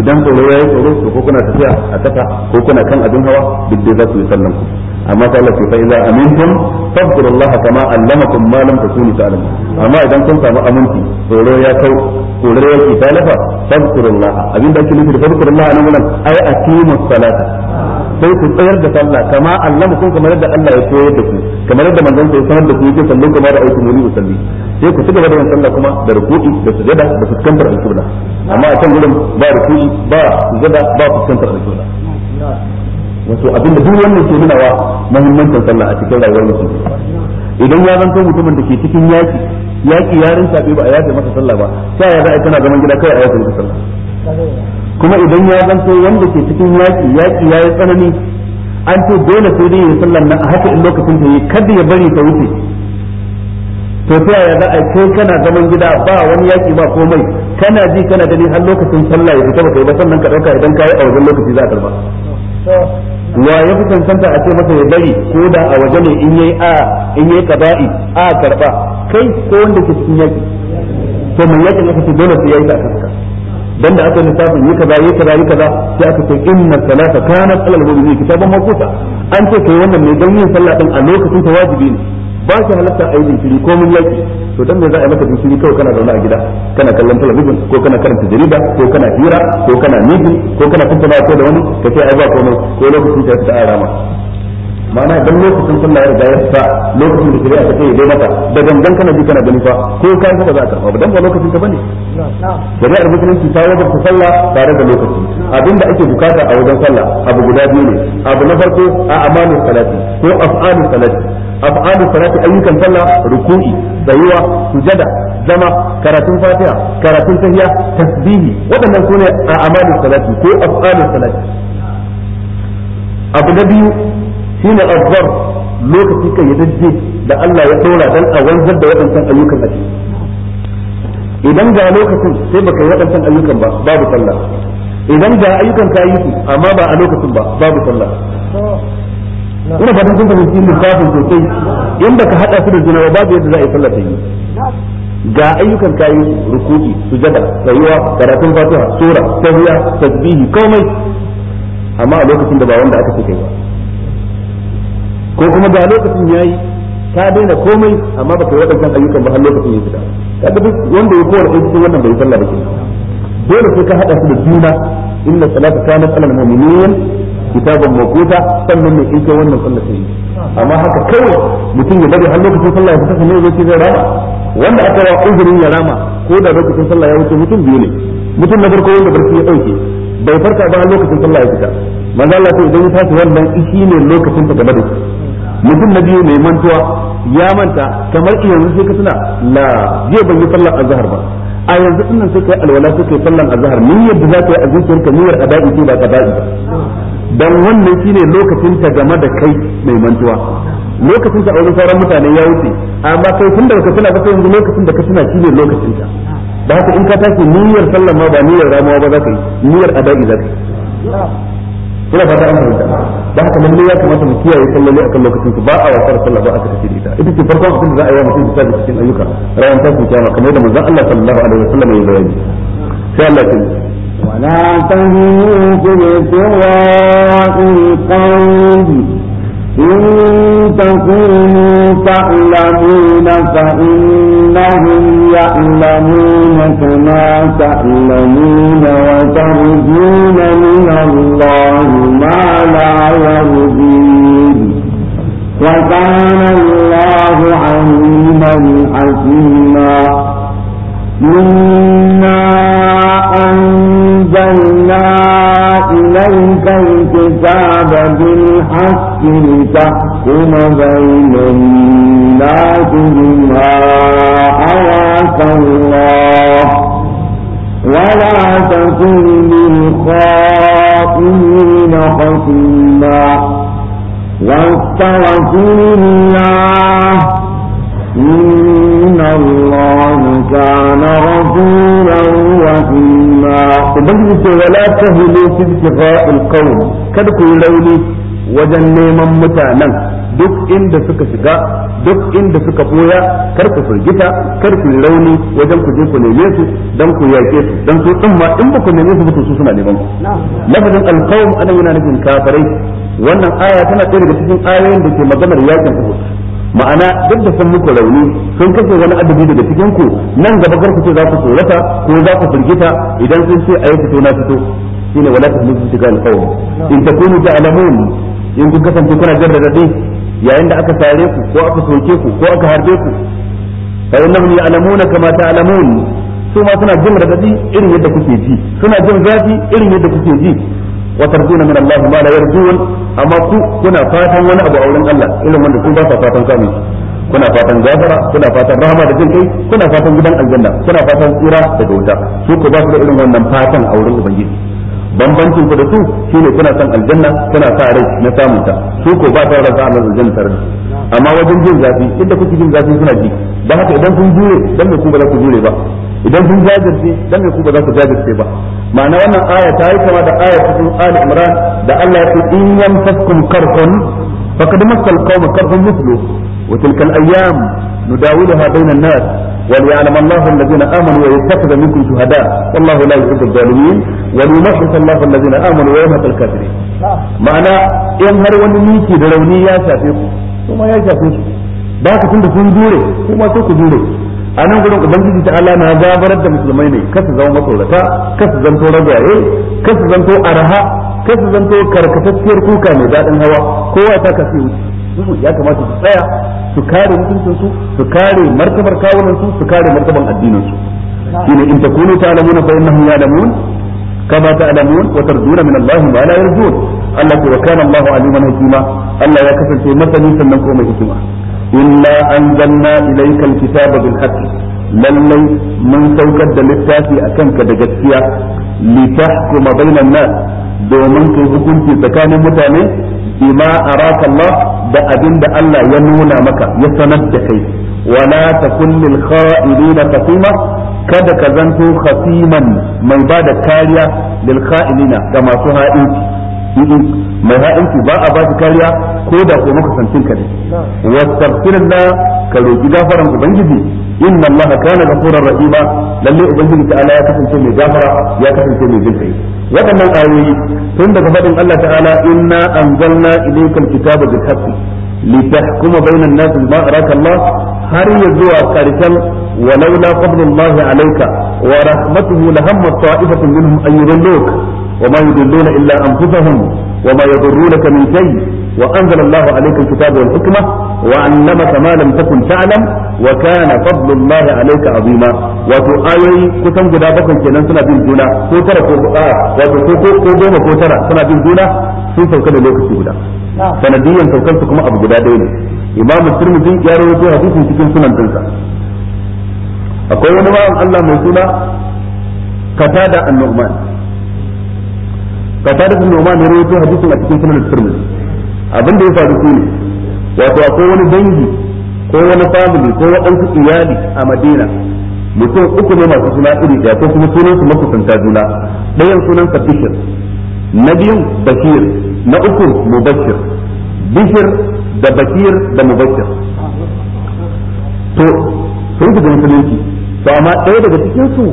idan tsoro ya yi tsoro to ko kuna tafiya a kasa ko kuna kan abin hawa duk dai za ku yi sallan ku amma sai Allah ke fa idza amintum fadhkurullah kama allamakum ma lam takunu ta'lamun amma idan kun samu aminci tsoro ya kau tsoro ya ki talafa fadhkurullah abin da ake nufi da fadhkurullah nan ai aqimus salata sai ku tsayar da sallah kama allamakum kamar yadda Allah ya koyar da ku kamar yadda manzon sa sanar da ku yake sallu kamar da aikin wani usalli sai ku cigaba da yin sallah kuma da ruku'i da sujada da fuskantar al-qibla amma a can gurin ba ruku'i ba sujada ba fuskantar al-qibla wato abinda duk wannan ke nuna wa muhimmancin sallah a cikin rayuwar idan ya zanto mutumin da ke cikin yaki yaki yarin sabe ba a yafe masa sallah ba sai ya za a kana zaman gida kai a yafe masa sallah kuma idan ya zanto wanda ke cikin yaki yaki yi tsanani an ce dole sai dai ya sallan nan a haka in lokacin ta yi kada ya bari ta wuce to sai ya za a ce kana zaman gida ba wani yaki ba komai kana ji kana gani har lokacin sallah ya fita ba kai ba sannan ka dauka idan kayi a wajen lokaci za a karba wa ya fi cancanta a ce masa ya bari ko da a waje ne in yayi a in yayi kaba'i a karba kai ko wanda ke cikin yaki to mai yakin aka ce dole sai yi ta kanka dan da aka lissafin yi kaza yi kaza yi kaza sai aka ce inna salata kanat alal mu'minin kitaban mawquta an ce kai wannan ne dan yin sallah din a lokacin ta wajibi ne ba shi halatta a yi jinkiri ko mun yaki to dan me za a yi maka jinkiri kawai kana zaune a gida kana kallon talabijin ko kana karanta jarida ko kana hira ko kana miji ko kana tattauna ko da wani ka ce ai ba komai ko lokacin ta ta arama mana idan lokacin sun ya da ya fita lokacin da shari'a ta ce dai mata da gangan kana ji kana gani fa ko ka ba za a karba ba dan ba lokacin ka bane shari'ar musulunci ta wajen ta sallah tare da lokaci abin da ake bukata a wajen sallah abu guda biyu ne abu na farko a amalin salati ko af'alin salati af'alin salati ayyukan sallah ruku'i tsayuwa sujada zama karatun fatiha karatun tahiyya tasbihi waɗannan sune a amalin salati ko af'alin salati abu na biyu shine azzar lokaci kan ya je da Allah ya dora dan a wanzar da waɗancan ayyukan a ciki idan ga lokacin sai baka yi waɗancan ayyukan ba babu sallah idan ga ayyukan ka yi amma ba a lokacin ba babu sallah ina fatan kun fahimci lissafin sosai in baka hada su da juna ba babu yadda za a yi sallah ta yi ga ayyukan ka yi rukuki sujada rayuwa, karatun fatiha sura tahiyya tasbihi komai amma a lokacin da ba wanda aka ce kai ba ko kuma ga lokacin yayi ka daina komai amma baka yi waɗancan ayyukan ba har lokacin ya fita kaga duk wanda ya kowa da cikin wannan bai sallah ba dole sai ka hada su da juna inna salata kanat alal mu'minin kitabun mawquta sannan mai in wannan sallah sai amma haka kawai mutum ya bari har lokacin sallah ya fita sannan zai ce zai rama wanda aka wa uzurin ya rama ko da lokacin sallah ya wuce mutum biyu ne mutum na farko wanda barci ya dauke bai farka ba lokacin sallah ya fita manzo Allah sai idan ya tashi wannan shi ne lokacin ta gaba da shi mutum na biyu mai mantuwa ya manta kamar iya yanzu sai ka tuna la jiya ban yi sallar azhar ba a yanzu dinnan sai kai alwala sai kai sallar azhar min yadda za ka yi a zuciyarka niyyar ada'i ce ba ba dan wannan shine lokacin ta game da kai mai mantuwa lokacin ta a sauran mutane ya wuce amma kai tun da ka tuna ba sai yanzu lokacin da ka tuna shine lokacin ta ba haka in ka tashi niyyar sallar ma ba niyyar ramuwa ba za ka yi niyyar ada'i za ka yi ina fata an fahimta da haka ya kamata mu kiyaye salloli akan lokacin su ba a wasar sallah ba a ita ita ce farkon abin da za a yi mutum cikin ayyuka ranar tashin kamar da manzon Allah sallallahu alaihi wasallam ya bayani sai Allah ya ولا تهنوا في إن تكونوا تعلمون فإن إنهم يعلمون كما تعلمون وترجون من الله ما لا يرجون وكان الله عليما حكيما إنا أنزلنا عليك الكتاب بالحق لتحكم بين الناس بما أراك الله ولا تكن للخائنين خصيما واتركوا الله الله كان غفورا رحيما وبنجد ولا تهلوا في ابتغاء القوم wajen neman mutanen duk inda suka shiga duk inda suka koya kar ku firgita kar ku rauni wajen ku je ku neme su dan ku yake su dan su din ma in ba ku neme su su suna neman ku lafazin alqawm ana yana nufin kafirai wannan aya tana ɗaya daga cikin ayoyin da ke maganar yakin Uhud ma'ana duk da sun muku rauni sun kashe wani adabi daga cikin ku nan gaba kar ku ce za ku tsorata ko za ku firgita idan sun ce yi fito na fito shine wala musu shiga alƙawar in ta alamun in kun kasance kuna jarrada yayin da aka sare ku ko aka soke ku ko aka harbe ku fa innahum ya'lamuna kama ta'lamun su ma suna jin radadi irin yadda kuke ji suna jin zafi irin yadda kuke ji wa juna min Allah ma la yarjun amma ku kuna fatan wani abu a wurin Allah irin wanda ku ba sa fatan samu kuna fatan gafara kuna fatan rahama da jin kai kuna fatan gidan aljanna kuna fatan tsira daga wuta su ku ba su da irin wannan fatan a wurin ubangiji bambancin ku da su shi ne suna son aljanna kuna sa rai na samun ta su ko ba ta rasa na aljanna amma wajen jin zafi inda kuke jin zafi suna ji dan haka idan kun jure dan me ku ba za ku jure ba idan sun jajirce dan ne ku ba za ku jajirce ba ma'ana wannan aya ta yi kama da aya ta cikin Ali Imran da Allah ya ce in yamsakum karhun faqad masal qawma karhun mithlu wa tilka al-ayyam nudawiluha bayna an-nas وليعلم الله الذين امنوا ويتخذ منكم شهداء والله لا يحب الظالمين وليمحص الله الذين امنوا ويمحق الكافرين ma'ana in har wani miki da rauni ya shafe ku kuma ya shafe ku da haka tunda kun jure kuma sai ku jure a nan gudun ubangiji ta Allah na gabarar da musulmai ne kasu zama matsorata kasu zanto ragaye kasu zanto arha kasu zanto karkatacciyar kuka mai daɗin hawa kowa ta kasu wuce ya kamata su tsaya su kare mutuncin su su kare martabar kawunan su su kare martabar addinin su shine in takunu ta'lamuna fa innahum ya'lamun كما تعلمون وترجون من الله ما لا يرجون الله وكان الله عليما حكيما الله يا كفر في ko mai hikima inna anzalna ilayka alkitaba bil haqq lallai mun saukar da littafi akan ka da gaskiya litahkuma baina nas domin kai hukunci tsakanin mutane bima araka da abin da Allah ya nuna maka ya sanar da kai wala takun lil kha'ilina khasima kada ka zanto khasiman mai ba da kariya lil kha'ilina ga masu ha'inci mai ha'inci ba a ba shi kariya ko da ko makasancin ka ne wastaghfirullah ka roki gafaran ubangiji inna allah kana ghafurur rahima lalle ubangiji ta'ala ya kasance mai gafara ya kasance mai jinkai waɗannan ayoyi tun daga faɗin allah ta'ala inna anzalna ilaykal kitaba bil litahkuma bainan nas bima araka allah har ya zuwa karshen ولولا فضل الله عليك ورحمته لهم طائفة منهم أن وما يضلون إلا أنفسهم وما يضرونك من شيء وأنزل الله عليك الكتاب والحكمة وعلمك ما لم تكن تعلم وكان فضل الله عليك عظيما wato ayoyi kusan guda bakwai kenan suna bin juna ko tara ko wato ko ko suna bin juna sun sauka da lokaci guda sanadiyan saukar su kuma abu guda ɗaya ne imamu ya hadisin cikin sunan akwai wani bawan Allah mai suna da annu'man qatada bin Nu'man ne rawaito hadisin a cikin sunan Tirmidhi abin da ya faru ne wato akwai wani dangi ko wani family ko waɗansu iyali a Madina mutum uku ne masu suna iri ɗaya ko kuma sunan su makusanta juna ɗayan sunan sa Bishir na biyun Bashir na uku Mubashir Bishir da Bashir da Mubashir to sun shiga musulunci to amma ɗaya daga cikin su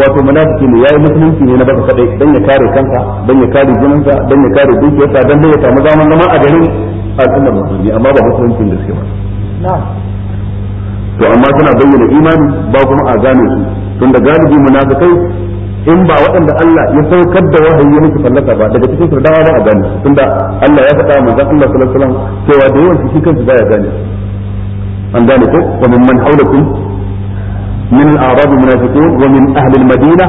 wato munafiki ne yayi musulunci ne na baka kadai dan ya kare kanka dan ya kare jininsa dan ya kare dukiyarsa dan ya samu zaman zama a garin al'ummar musulmi amma ba musulunci da suke ba to amma suna bayyana imani ba kuma a gane su da galibi munafikai in ba waɗanda Allah ya saukar da wahayi ya musu fallaka ba daga cikin su dawa ba a gane tunda Allah ya faɗa zan Allah sallallahu alaihi wasallam cewa da yawan shi kansu baya gane an gane ko wa man haulakum من الأعراب المنافقون ومن أهل المدينة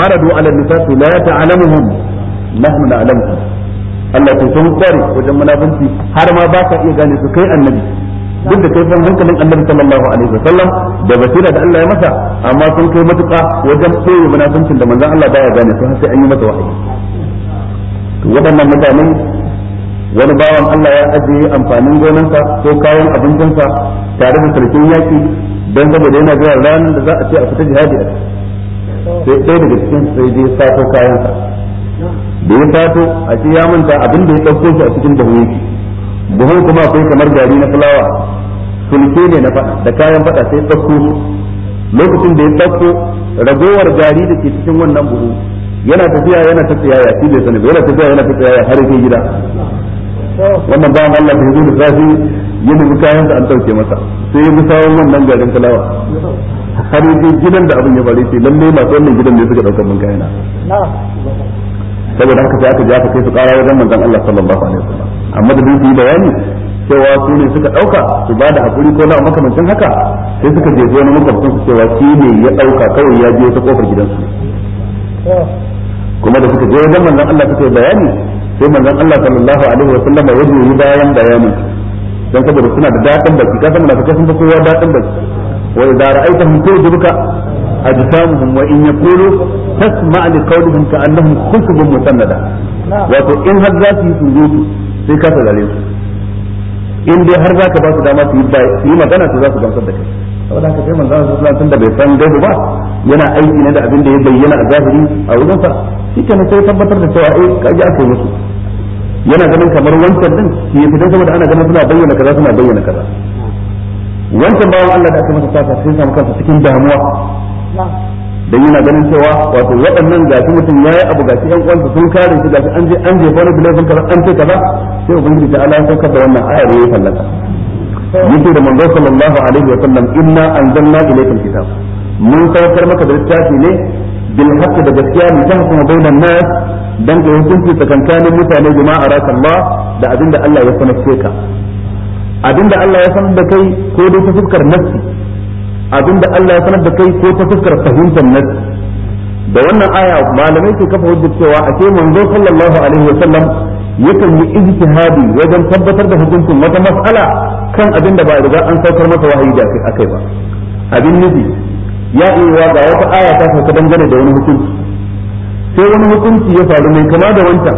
مرضوا على النفاق لا تعلمهم نحن نعلمهم Allah ke sun kware wajen munafunci har ma ba ka iya gane su kai annabi duk da kaifin hankalin annabi sallallahu alaihi wa sallam da basira da Allah ya masa amma sun kai matuƙa wajen koyi munafuncin da manzon Allah baya gane su har sai an yi masa wahayi to waɗannan mutanen wani bawan Allah ya ajiye amfanin gonansa ko kayan abincinsa tare da sarkin yaki don saboda yana zuwa ranar da za a ce a fita jihadi a sai ɗaya daga cikin sai dai sato kayansa da ya sato a ce ya manta abin da ya ɗauko shi a cikin buhu yake buhun kuma akwai kamar gari na fulawa sulke ne na faɗa da kayan faɗa sai ɗauko su lokacin da ya ɗauko ragowar gari da ke cikin wannan buhu yana tafiya yana tafiya ya fi bai sani yana tafiya yana tafiya ya har yake gida wannan bayan Allah da yazo da safi ya nemi kayan an dauke masa sai ya bi wannan garin talawa har yaje gidan da abin ya bari sai lalle masu wannan gidan ne suka daukar mun kayana saboda haka sai aka ja kai su kara wajen manzon Allah sallallahu alaihi wasallam amma da duk yi bayani cewa su ne suka dauka su ba da hakuri ko na makamancin haka sai suka je wani makwabcin su cewa shi ne ya dauka kawai ya je ta kofar gidansu kuma da suka je wajen manzon Allah suka yi bayani sai manzon Allah sallallahu alaihi wa sallam ya yi bayan bayanin dan saboda suna da daɗin baki ka san munafikai sun fi kowa daɗin baki wa idza ra'aytahum tu'jibuka ajsamuhum wa in yaqulu tasma' li qawlihim ka'annahum khushubun musannada wato in har za su yi surutu sai ka saurare su in dai har za ka ba su dama su yi magana to za su gamsar da kai saboda haka sai manzo Allah sallallahu alaihi wasallam bai san gaibu ba yana aiki ne da abin da ya bayyana a zahiri a wurin sa shikenan sai tabbatar da cewa eh ji aka yi musu yana ganin kamar wancan din shi yafi dan saboda ana ganin suna bayyana kaza suna bayyana kaza wancan bawan Allah da aka masa sata sai samu kansa cikin damuwa dan yana ganin cewa wato waɗannan gashi mutum yayi abu gashi yan uwansa sun kare shi gashi an je an je wani kaza an ce kaza sai ubangiji ta Allah ya saukar da wannan ayar ya sallaka yake da manzo sallallahu alaihi wa sallam inna anzalna ilayka alkitab mun saukar maka da littafi ne bil haqqi da gaskiya mu tahkuma bainan nas dan ka hukunci tsakankanin mutane bima araka da abinda Allah ya sanar ka abinda Allah ya sanar da kai ko dai ta fuskar nafsi abinda Allah ya sanar da kai ko ta fuskar fahimtar nafsi da wannan aya malamai ke kafa hujjar cewa a ce manzo sallallahu alaihi sallam yakan yi ijtihadi wajen tabbatar da hukuncin wata mas'ala kan abin da ba riga an saukar masa wahayi da akai ba abin nufi ya iya ga wata aya ta sauka dangane da wani hukunci sai wani hukunci ya faru mai kama da wancan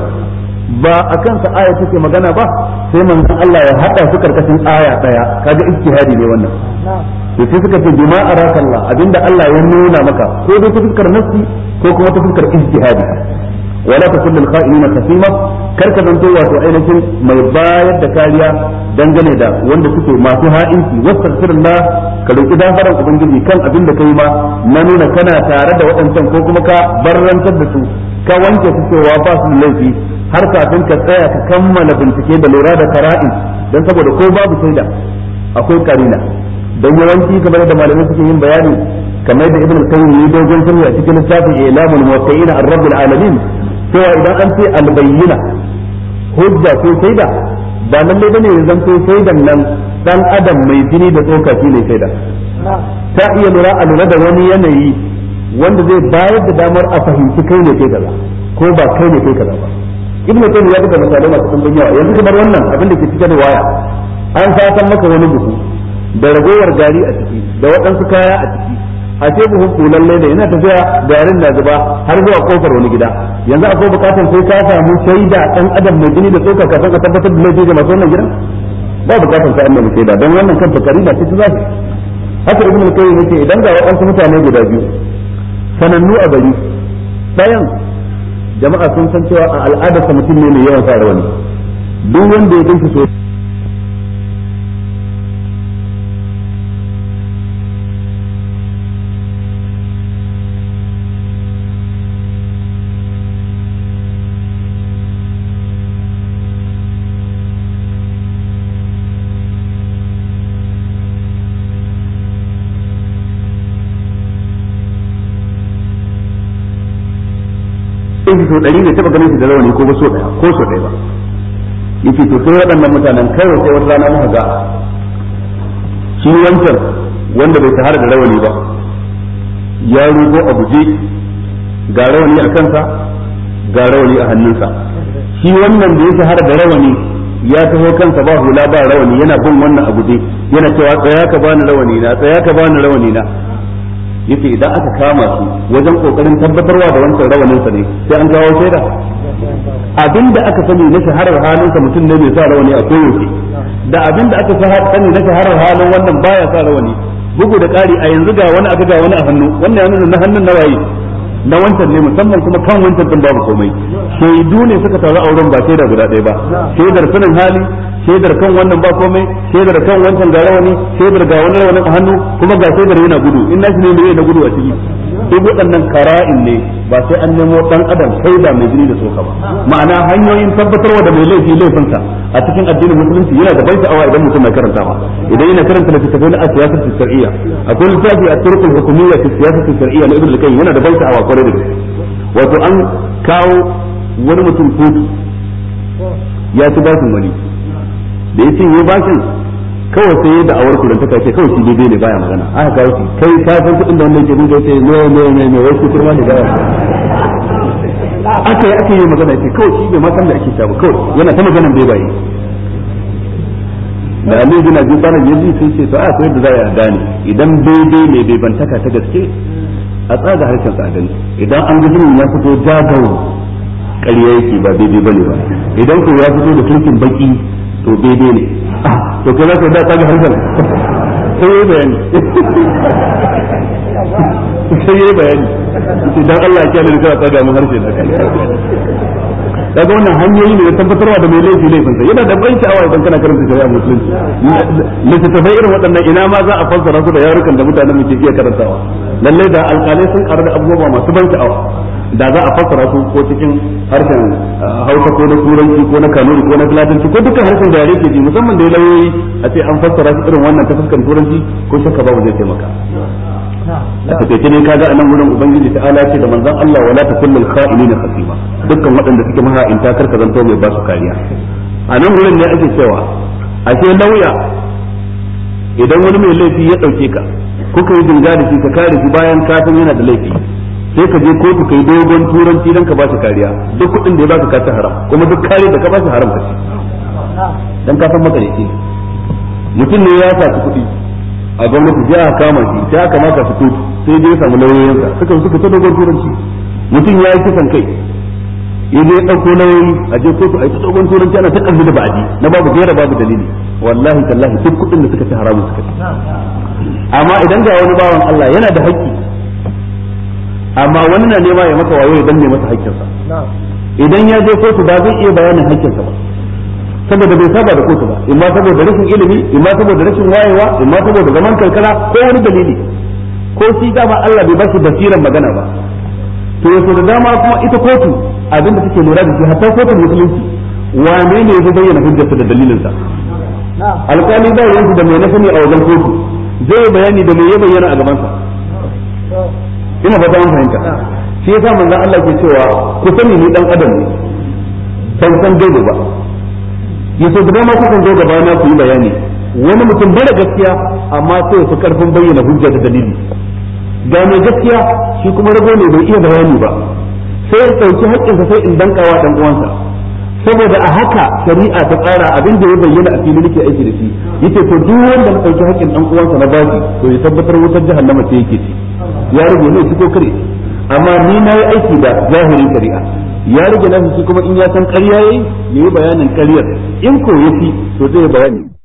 ba a kansa aya take magana ba sai manzon Allah ya hada su karkashin aya daya kaga ijtihadi ne wannan to sai suka ce bima arakallah abinda Allah ya nuna maka ko dai ta fuskar nafsi ko kuma ta fuskar ijtihadi wala takun lil kha'inina khasima ka zanto wato ainihin mai bayar da kariya dangane da wanda suke masu ha'inci wastaghfirullah ka roki gafaran ubangiji kan abin da kai ma na nuna kana tare da waɗancan ko kuma ka barrantar da su ka wanke su cewa ba su laifi har kafin ka tsaya ka kammala bincike da lura da kara'in dan saboda ko babu shaida akwai karina don yawanci kamar da malamai suke yin bayani kamar da ibn qayyim ne dogon a cikin littafin ilamul muwaqqi'ina ar rabbil alamin cewa idan an ce al bayyina hujja ko shaida ba lalle bane ya zanto shaidan nan dan adam mai jini da tsoka shi ne shaida ta iya lura a lura da wani yanayi wanda zai bayar da damar a fahimci kai ne kai kaza ko ba kai ne kai kaza ba ibnu qayyim ya buga misalai masu ɗumbin yanzu kamar wannan abin da ke cikin waya an fatan maka wani buku da ragowar gari a ciki da waɗansu kaya a ciki a ce buhun kulan da yana tafiya garin na zuba har zuwa kofar wani gida yanzu akwai bukatar sai ka samu shaida ɗan adam mai jini da tsoka kafin ka tabbatar da laifi ga masu wannan gidan ba bukatar sai an nemi shaida don wannan kan fakari ba cikin zafi haka ibn al yake idan ga waɗansu mutane guda biyu sanannu a gari bayan jama'a sun san cewa a al'adar sa mutum ne mai yawan sa rawani duk wanda ya ganshi so so ɗari bai taɓa ganin shi da rawani ko ba so ɗaya ko so ɗaya ba yace to sai waɗannan mutanen kawai sai wata rana muka ga shi wancan wanda bai tahara da rawani ba ya rugo a guje ga rawani a kansa ga rawani a hannunsa shi wannan da ya tahara da rawani ya taho kansa ba hula ba rawani yana bin wannan a guje yana cewa tsaya ka bani rawani na tsaya ka bani rawani na yace idan aka kama su wajen kokarin tabbatarwa da wancan rawanin sa ne sai an kawo shaida abinda aka sani na shaharar halin sa mutum ne mai sa rawani a koyaushe da abinda aka sani na shaharar halin wannan baya sa rawani bugu da ƙari a yanzu ga wani aka ga wani a hannu wannan ya na hannun na waye na wancan ne musamman kuma kan wancan din babu komai shaidu ne suka taru auren ba shaida guda ɗaya ba shaidar sanin hali shaidar kan wannan ba komai shaidar kan wancan ga rawani shaidar ga wani rawani a hannu kuma ga shaidar yana gudu in nashi ne mai na gudu a ciki duk waɗannan kara'in ne ba sai an nemo ɗan adam sai shaida mai jini da soka ba ma'ana hanyoyin tabbatarwa da mai laifi laifinsa a cikin addinin musulunci yana da ban sha'awa idan mutum mai karantawa idan yana karanta littattafai na siyasar shar'iyya akwai littafi a turkul hukumiyya siyasa siyasar shar'iyya na ibn al yana da ban sha'awa kwarai da gaske wato an kawo wani mutum kotu ya ci bashin wani da ya ba shi kawai sai a da'awar kurantaka ce kawai shi daidai ne baya magana a ka kawai kai ka san kuɗin da wannan ke dinga ce ne ne ne ne wasu kukur ma ne baya aka yi aka yi magana ce kawai shi bai ma da ake shabu kawai yana ta maganan bai bayi da ne gina Abi Talib yanzu sun ce to a akwai yadda za a gane idan daidai ne bai bantaka ta gaske a tsaga harshen tsadan idan an gudun ya fito jagawo ƙarya yake ba daidai bane ba idan ko ya fito da turkin baki to daidai ne ah, to kai za ka da kwaji harshen sai yayi bayani sai yayi bayani sai dan Allah ya kiyaye ka kwaji mu harshe da kai daga wannan hanyoyi ne da tabbatarwa da mai laifi laifin sa yana da ban sha'awa idan kana karanta shari'a musulunci littattafai irin waɗannan ina ma za a fassara su da yarukan da mutanen muke ke iya karantawa lalle da alƙalai sun karanta abubuwa masu ban sha'awa da za a fassara su ko cikin harshen ah, hausa ko na turanci ko na kanuri ko na filatanci ko dukkan harshen da yare ke ji musamman da lauyoyi a ce an fassara su irin wannan ta fuskar turanci ko shakka babu zai taimaka a takaice ne kaga anan wurin ubangiji ta ala ce da manzan Allah wala ka'ili na khasima dukkan waɗanda suke maha'inta ka zanto mai ba su kariya a nan wurin ne ake cewa a ce lauya idan wani mai laifi ya ɗauke ka kuka yi dinga da shi ka kare shi bayan kafin yana da laifi sai ka je kotu kai dogon turanci dan ka ba shi kariya duk kudin da ya baka kace haram kuma duk kare da ka ba shi haram kace dan ka san yake mutum ne ya saki kudi a gwamnati jiya a kama shi ta aka maka su kotu sai dai samu lauyoyinsa suka suka ta dogon turanci mutum ya yi kisan kai ya je ɗauko lauyoyi a je kotu a yi dogon turanci ana ta ƙarfi da ba'adi na babu gaira babu dalili wallahi tallahi duk kudin da suka ci haramun suka ci amma idan ga wani bawan Allah yana da haƙƙi amma wani na nema ya maka wayo ya ne masa hakkinsa idan ya je kotu ba zai iya bayanin hakkinsa ba saboda bai saba da kotu ba imma saboda rashin ilimi imma saboda rashin wayewa imma saboda zaman karkara ko wani dalili ko shi ba Allah bai bashi basiran magana ba to yaso da dama kuma ita kotu abin da take lura da shi ta kotu musulunci wane ne ya bayyana hujjarsa da dalilinsa alƙali zai yanzu da mai na sani a wajen kotu zai bayani da me ya bayyana a gabansa ina ba zan fahimta shi yasa manzo Allah ke cewa ku sani ni dan adam ne ban san gaibu ba yaso da dama san zo da na ku yi bayani wani mutum bare gaskiya amma sai fi karfin bayyana hujja da dalili ga mai gaskiya shi kuma rago ne bai iya bayani ba sai in ɗauki haƙƙinsa sai in dankawa dan uwansa saboda a haka shari'a ta tsara abin da ya bayyana a fili nake aiki da shi yace to duk wanda ɗauki haƙƙin dan uwansa na bashi to ya tabbatar wutar jahannama ce yake ci ya rage ne shi ko kare amma ni na yi aiki da zahirin shari'a ya rage na shi kuma in ya san ƙarya yayi yayi bayanin ƙaryar in ko yafi to zai bayani